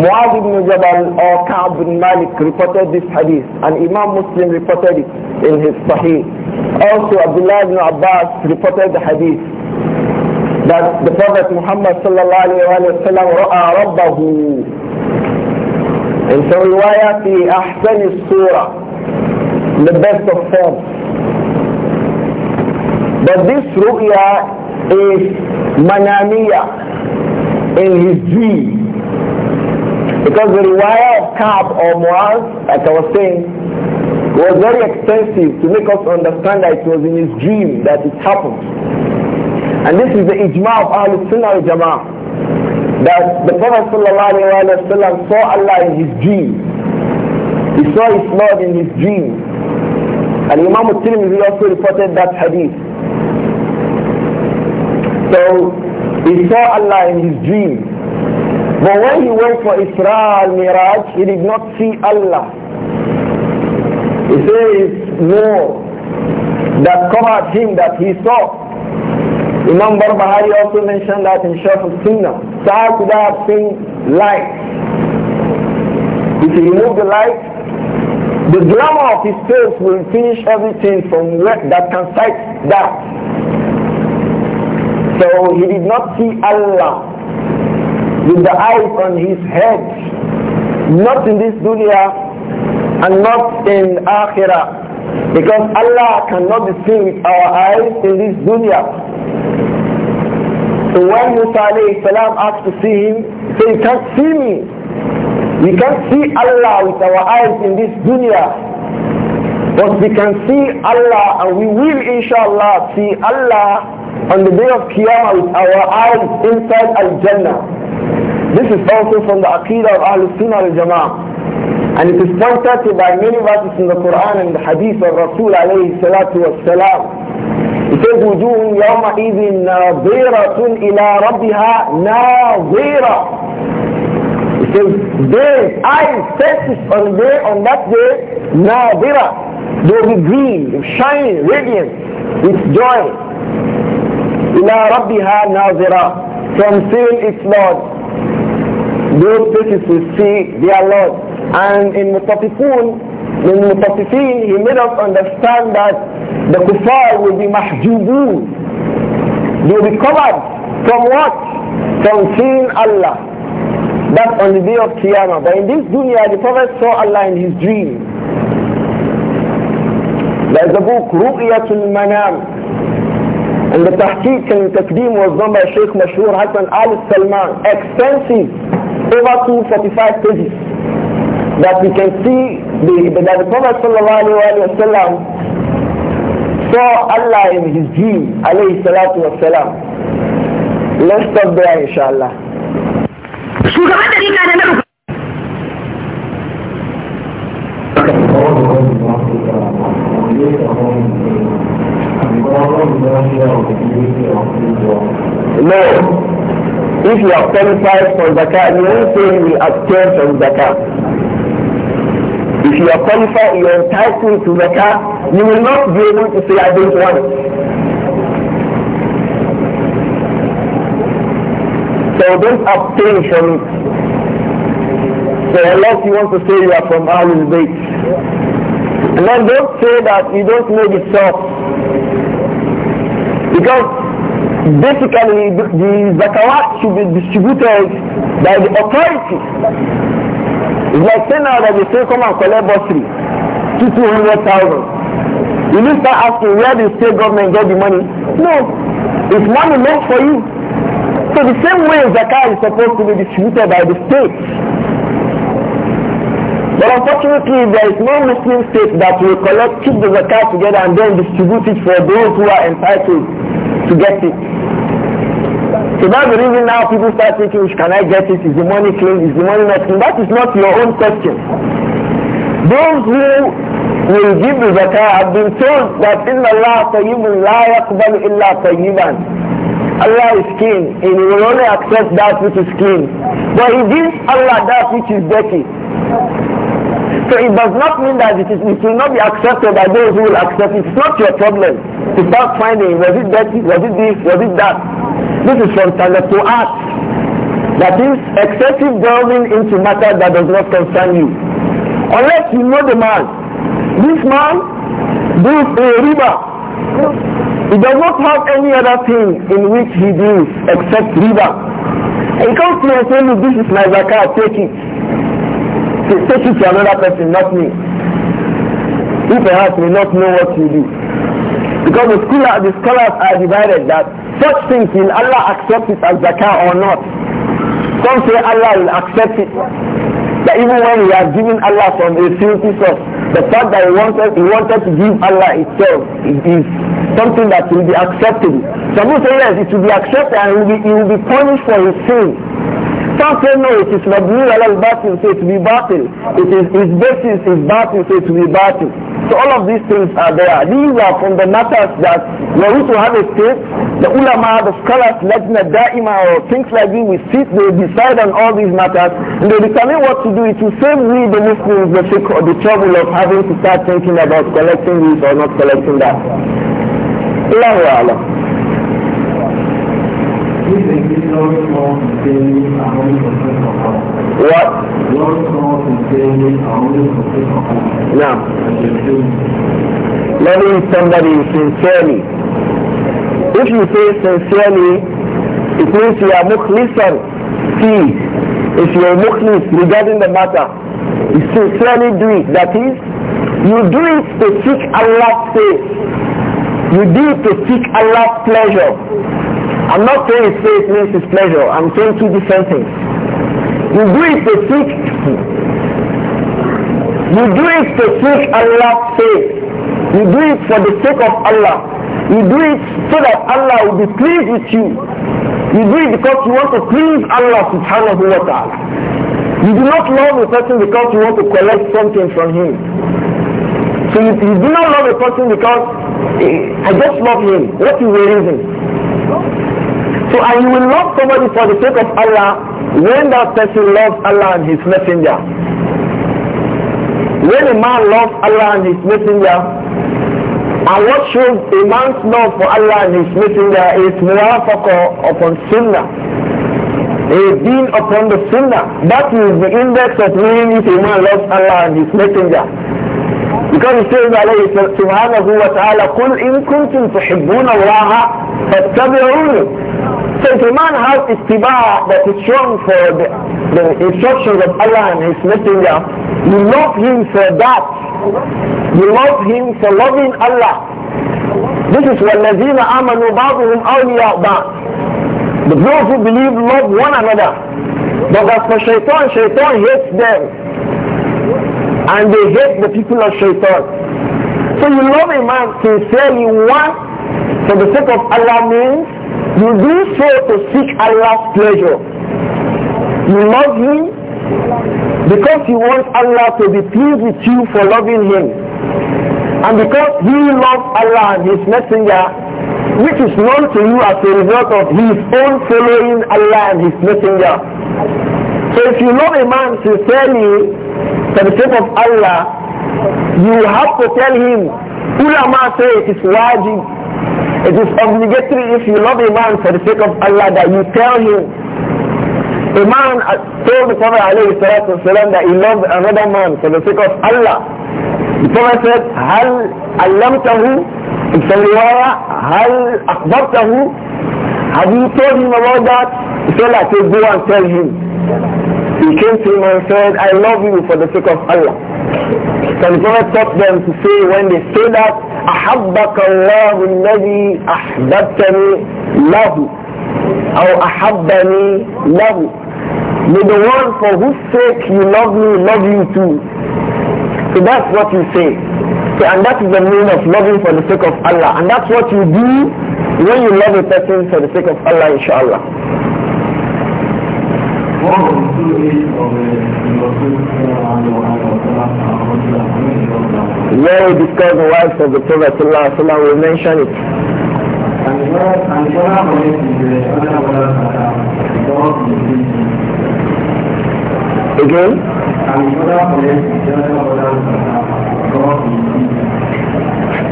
Muaz ibn Jabal or Ka'b bin Malik reported this hadith and Imam Muslim reported it in his Sahih. Also Abdullah ibn Abbas reported the hadith that the Prophet Muhammad sallallahu alayhi wa sallam ra'a rabbahu in some riwayah fi ahsan surah the best of forms. But this ru'ya is manamiya in his dream because the riwayah of Ka'b or Muaz, like I was saying, was very extensive to make us understand that it was in his dream that it happened. And this is the ijma of Ahl Sunnah al Jama'ah. That the Prophet ﷺ saw Allah in his dream. He saw his Lord in his dream. And Imam al-Tirmidhi also reported that hadith. So he saw Allah in his dream. But when he went for Isra al-Miraj, he did not see Allah. He says, no, that covered him that he saw. Imam Barbahari also mentioned that in Shaf al-Sunnah. Sa'ad could have seen light. If he remove the light, the glamour of his face will finish everything from that can sight that. So he did not see Allah with the eyes on his head, not in this dunya and not in akhirah. Because Allah cannot be seen with our eyes in this dunya. So when Musa salam asked to see him, he said, you can't see me. We can't see Allah with our eyes in this dunya. But we can see Allah and we will inshallah see Allah on the day of Qiyamah with our eyes inside Al-Jannah. This is also from the Aqeedah of Ahlul Sunnah al-Jama'ah. And it is pointed to by many verses in the Quran and the Hadith of Rasul alayhi salatu wassalam. It says, وجوه يومئذ ناظرة إلى ربها ناظرة. It says, days, eyes, faces on day, on that day, ناظرة. They will be green, shining, radiant, with joy. إلى ربها ناظرة from seeing its Lord those places will see their Lord and in Mutafifun in Mutafifin he made us understand that the kuffar will be mahjubun they will be covered from what? from seeing Allah that's on the day of Qiyamah but in this dunya the Prophet saw Allah in his dream there's a book Ru'yatul Manam And the tahqiq and takdim was done by Sheikh Mashur Extensive, over 245 pages. That we can see the, the, that the Prophet sallallahu alayhi wa وسلم saw Allah in his dream, alayhi salatu wa Let's stop there, inshallah. Shugaban ɗarika da na No. If you are qualified for zakat, you won't say you will abstain from zakat. If you are qualified, you are entitled to zakat, you will not be able to say, I don't want it. So don't abstain from it. So unless you want to say you are from Ahlul Bayt. And then don't say that you don't know the source. Because basically the, the zakawat should be distributed by the authority. It's like saying now that they say come and collect bursary to thousand. You need start asking where the state government got the money. No, it's money meant for you. So the same way zakat is supposed to be distributed by the state But unfortunately, there is no Muslim state that will collect, keep the zakat together and then distribute it for those who are entitled to get it. So that's the reason now people start thinking, can I get it? Is the money clean? Is the money not clean? That is not your own question. Those who will give the zakat have been told that in Allah tayyibun la yaqbalu illa tayyiban. Allah is clean and he will only accept that which is clean. But he gives Allah that which is dirty. So it does not mean that it, is, it will not be accepted by those who will accept it. It's not your problem to start finding was it dirty, was it this, was it that. This is from standard to art. That is excessive delving into matter that does not concern you. Unless you know the man. This man does a river. He does not have any other thing in which he deals except river. He comes to you and says, look, this is my zakat, take it take it to another person, not me. Who perhaps may not know what you do. Because the, scholar, the scholars are divided that such things, will Allah accept it as zakah or not? Some say Allah will accept it. That even when we are giving Allah from a filthy source, the fact that he wanted, he wanted to give Allah itself it is something that will be acceptable. Some will say yes, it will be accepted and he will be, he will be punished for his sin can't say no, it is Mabni al batil, so it will be battle. It is his basis is battle. Says we will be So all of these things are there. These are from the matters that used to have a state, the ulama, the scholars, lajna da'ima or things like this, we sit, they decide on all these matters, and they determine what to do. It will save we the Muslims the, the trouble of having to start thinking about collecting this or not collecting that. Allahu Allah. lọ́sọ̀ ìgbé àwọn What? Now, loving somebody sincerely. If you say sincerely, it means you are mukhlisan. See, if you are mukhlis regarding the matter, you sincerely do it. That is, you do it to seek Allah's faith. You do it to seek Allah's pleasure. I'm not saying his faith means his pleasure. I'm saying two different things. You do it to seek. You do it to seek Allah's faith. You do it for the sake of Allah. You do it so that Allah will be pleased with you. You do it because you want to please Allah subhanahu wa ta'ala. You do not love a person because you want to collect something from him. So you, you do not love a person because eh, I just love him. What is the reason? So and you will love somebody for the sake of Allah when that person loves Allah and his messenger. When a man loves Allah and his messenger, and what shows a man's love for Allah and his messenger is muwafaqa upon sunnah. A being upon the sunnah. That is the index of knowing if a man loves Allah and his messenger. Because he says subhanahu wa ta'ala, قل إن كنتم تحبون الله فاتبعوني So if a man has tiba that is strong for the, the instructions of Allah and His Messenger, you love him for that. You love him for loving Allah. This is what آمَنُوا بَعْضُهُمْ أَوْلِيَاءُ بَعْضٍ The those who believe love one another. But as for shaitan, shaitan hates them. And they hate the people of shaitan. So you love a man sincerely one for the sake of Allah means you do so to seek Allah's pleasure. You love Him because you want Allah to be pleased with you for loving Him. And because He loves Allah and His Messenger, which is known to you as a result of His own following Allah and His Messenger. So if you love a man sincerely for the sake of Allah, you have to tell him, Ulama say it is wajib it is obligatory if you love a man for the sake of Allah that you tell him. A man told the Prophet والسلام, that he loved another man for the sake of Allah. The Prophet said, هل علمته in some riwayah, هل أخبرته Have you told him about that? He I said, go and tell him. He came to him and said, I love you for the sake of Allah. So the Prophet taught them to say when they say that, أحبك الله الذي أحببتني له أو أحبني له May the one for whose sake you love me love you too. So that's what you say. So, and that is the meaning of loving for the sake of Allah. And that's what you do when you love a person for the sake of Allah, inshallah. Where we discuss the wives of the Prophet Sallallahu Alaihi Wasallam, we mention it. Again?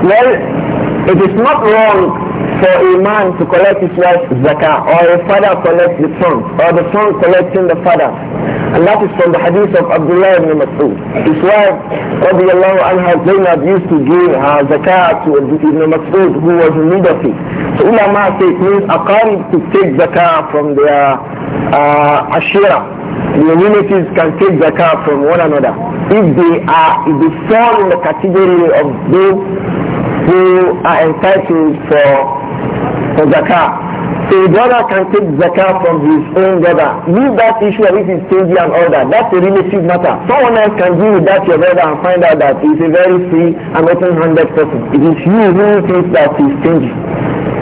Well, it is not wrong for a man to collect his wife's zakah or a father collect the son or the son collecting the father and that is from the hadith of Abdullah ibn Mas'ud his wife radiallahu anha Zainab used to give her zakah to Ibn Mas'ud who was in need of it so ulama say it means aqarib to take zakah from their uh, ashira the communities can take zakah from one another if they are if they fall in the category of those who are entitled for for zakah. So a brother can take zakah from his own brother. Leave that issue of if he's stingy and all that. That's a relative matter. Someone else can deal with that your brother and find out that he's a very free and open-handed person. It is you who thinks that he's stingy.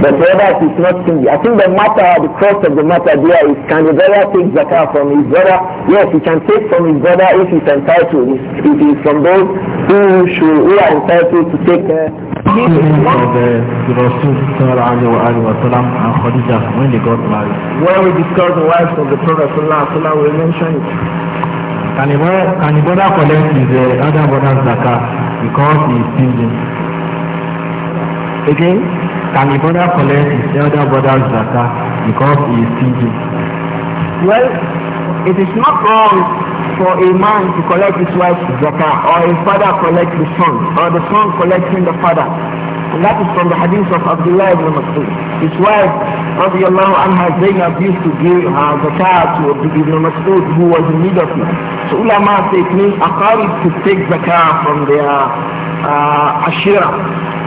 But whether is not stingy. I think the matter, the cost of the matter there is can the brother take zakah from his brother? Yes, he can take from his brother if he's entitled. If he is from those who, should, who are entitled to take uh, the Rasul when married. When we discuss the wives of the Prophet we mentioned it. Can a brother collect his uh, other brother's zakah because he is stingy? Again? Can a brother collect his elder brother's zakat because he is stingy? Well, it is not wrong for a man to collect his wife's zakat, or a father collect his son or the son collecting the father. And that is from the hadith of Abdullah ibn Mas'ud. His wife, radiallahu anha, Zainab used to give her zakat to Abdullah Ibn Mas'ud who was in need of it. So ulama say it means aqarib to take zakat from their uh, ashira.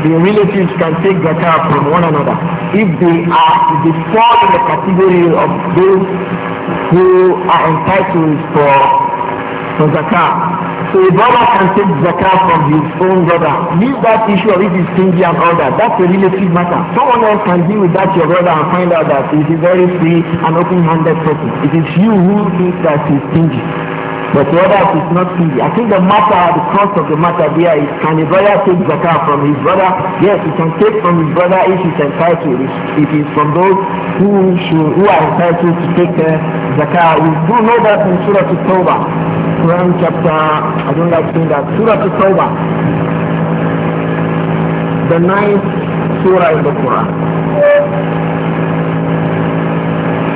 The relatives can take zakat from one another. If they are, if they fall in the category of those who are entitled for, for zakat. So a brother can take zakah from his own brother. Leave that issue of if he's stingy and all that. That's a relative matter. Someone else can deal with that your brother and find out that he's a very free and open-handed person. It is you who thinks that he's stingy. But whether is not easy, I think the matter, the cause of the matter there is can a brother take zakah from his brother? Yes, he can take from his brother if he's entitled. If it is from those who should, who are entitled to take uh, zakah, we do know that in Surah Tawbah. Quran chapter, I don't like saying that, Surah Tawbah. The ninth Surah in the Quran.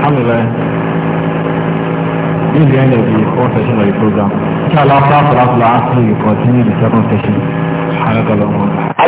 Alhamdulillah. This is the end of the fourth session of the program. Inshallah, after you will continue the second session. SubhanAllah.